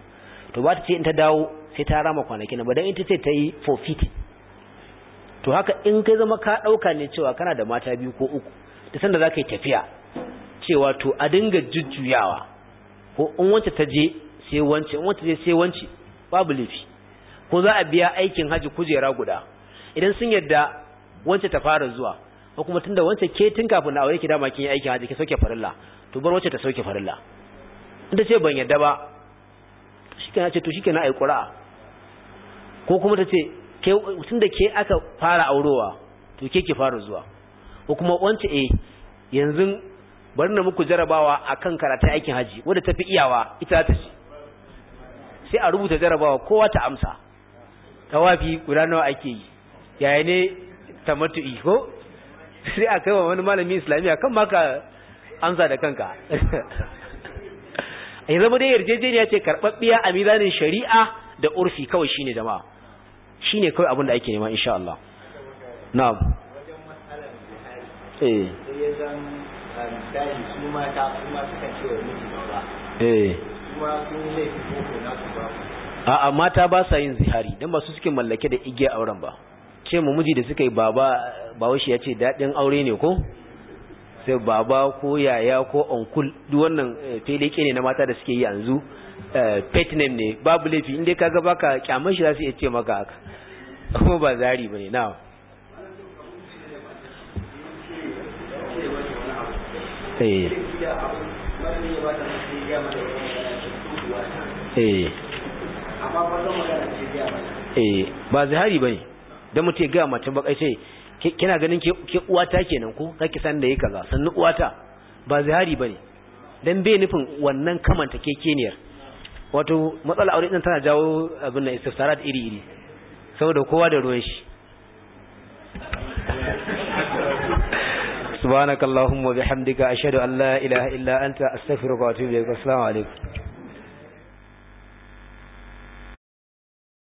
to ba ta ce in ta dawo sai ta rama kwanakin ba dan ita ce ta yi forfeiting to haka in kai zama ka ɗauka ne cewa kana da mata biyu ko uku da sanda za ka yi tafiya cewa to a dinga jujjuyawa ko in wance ta je sai wance in wance je sai wance babu laifi ko za a biya aikin haji kujera guda idan sun yadda wance ta fara zuwa ko kuma tunda wance ke tun kafin na aure ki dama kin yi aikin haji ki sauke farilla to bar wacce ta sauke farilla in ta ce ban yadda ba shikenan ce to shikenan ai qura'a ko kuma ta ce ke tunda ke aka fara aurowa to ke ki fara zuwa ko kuma wance eh yanzu bari na muku jarabawa akan karatu aikin haji wanda tafi iyawa ita ta ce sai a rubuta jarabawa kowa ta amsa tawafi guda nawa ake yi yayin ne tamattu'i ko sai a kai wa wani malami a kan maka amsa da kanka (laughs) A yi zama dai yarjejeniya ce karɓaɓɓiya a mizanin shari'a da urfi kawai shine jama'a shine kawai abin da ake nema insha Allah na'am eh, eh. a'a mata ba sa yin zihari don ba su suke mallake da igiya auren ba ce mu miji da suka yi baba ba shi ya ce daɗin aure ne ko sai baba ko yaya ko onkul duk wannan eh, feleke ne na mata da suke yi yanzu eh, pet name ne babu laifi inda kaga baka kyamar shi za su iya ce maka haka kuma ba zari bane na eh. eh eh ba zahari bane da mutu ya ga mace bakai ce kina ganin ke uwata kenan ko kake san da yake kaza sannu uwata ba zihari bane dan bai nufin wannan kamanta kekeniyar wato matsala aure din tana jawo abin da istifsarat iri iri saboda kowa da ruwan shi subhanakallahumma bihamdika ashhadu an la ilaha illa anta astaghfiruka wa atubu ilaik assalamu alaikum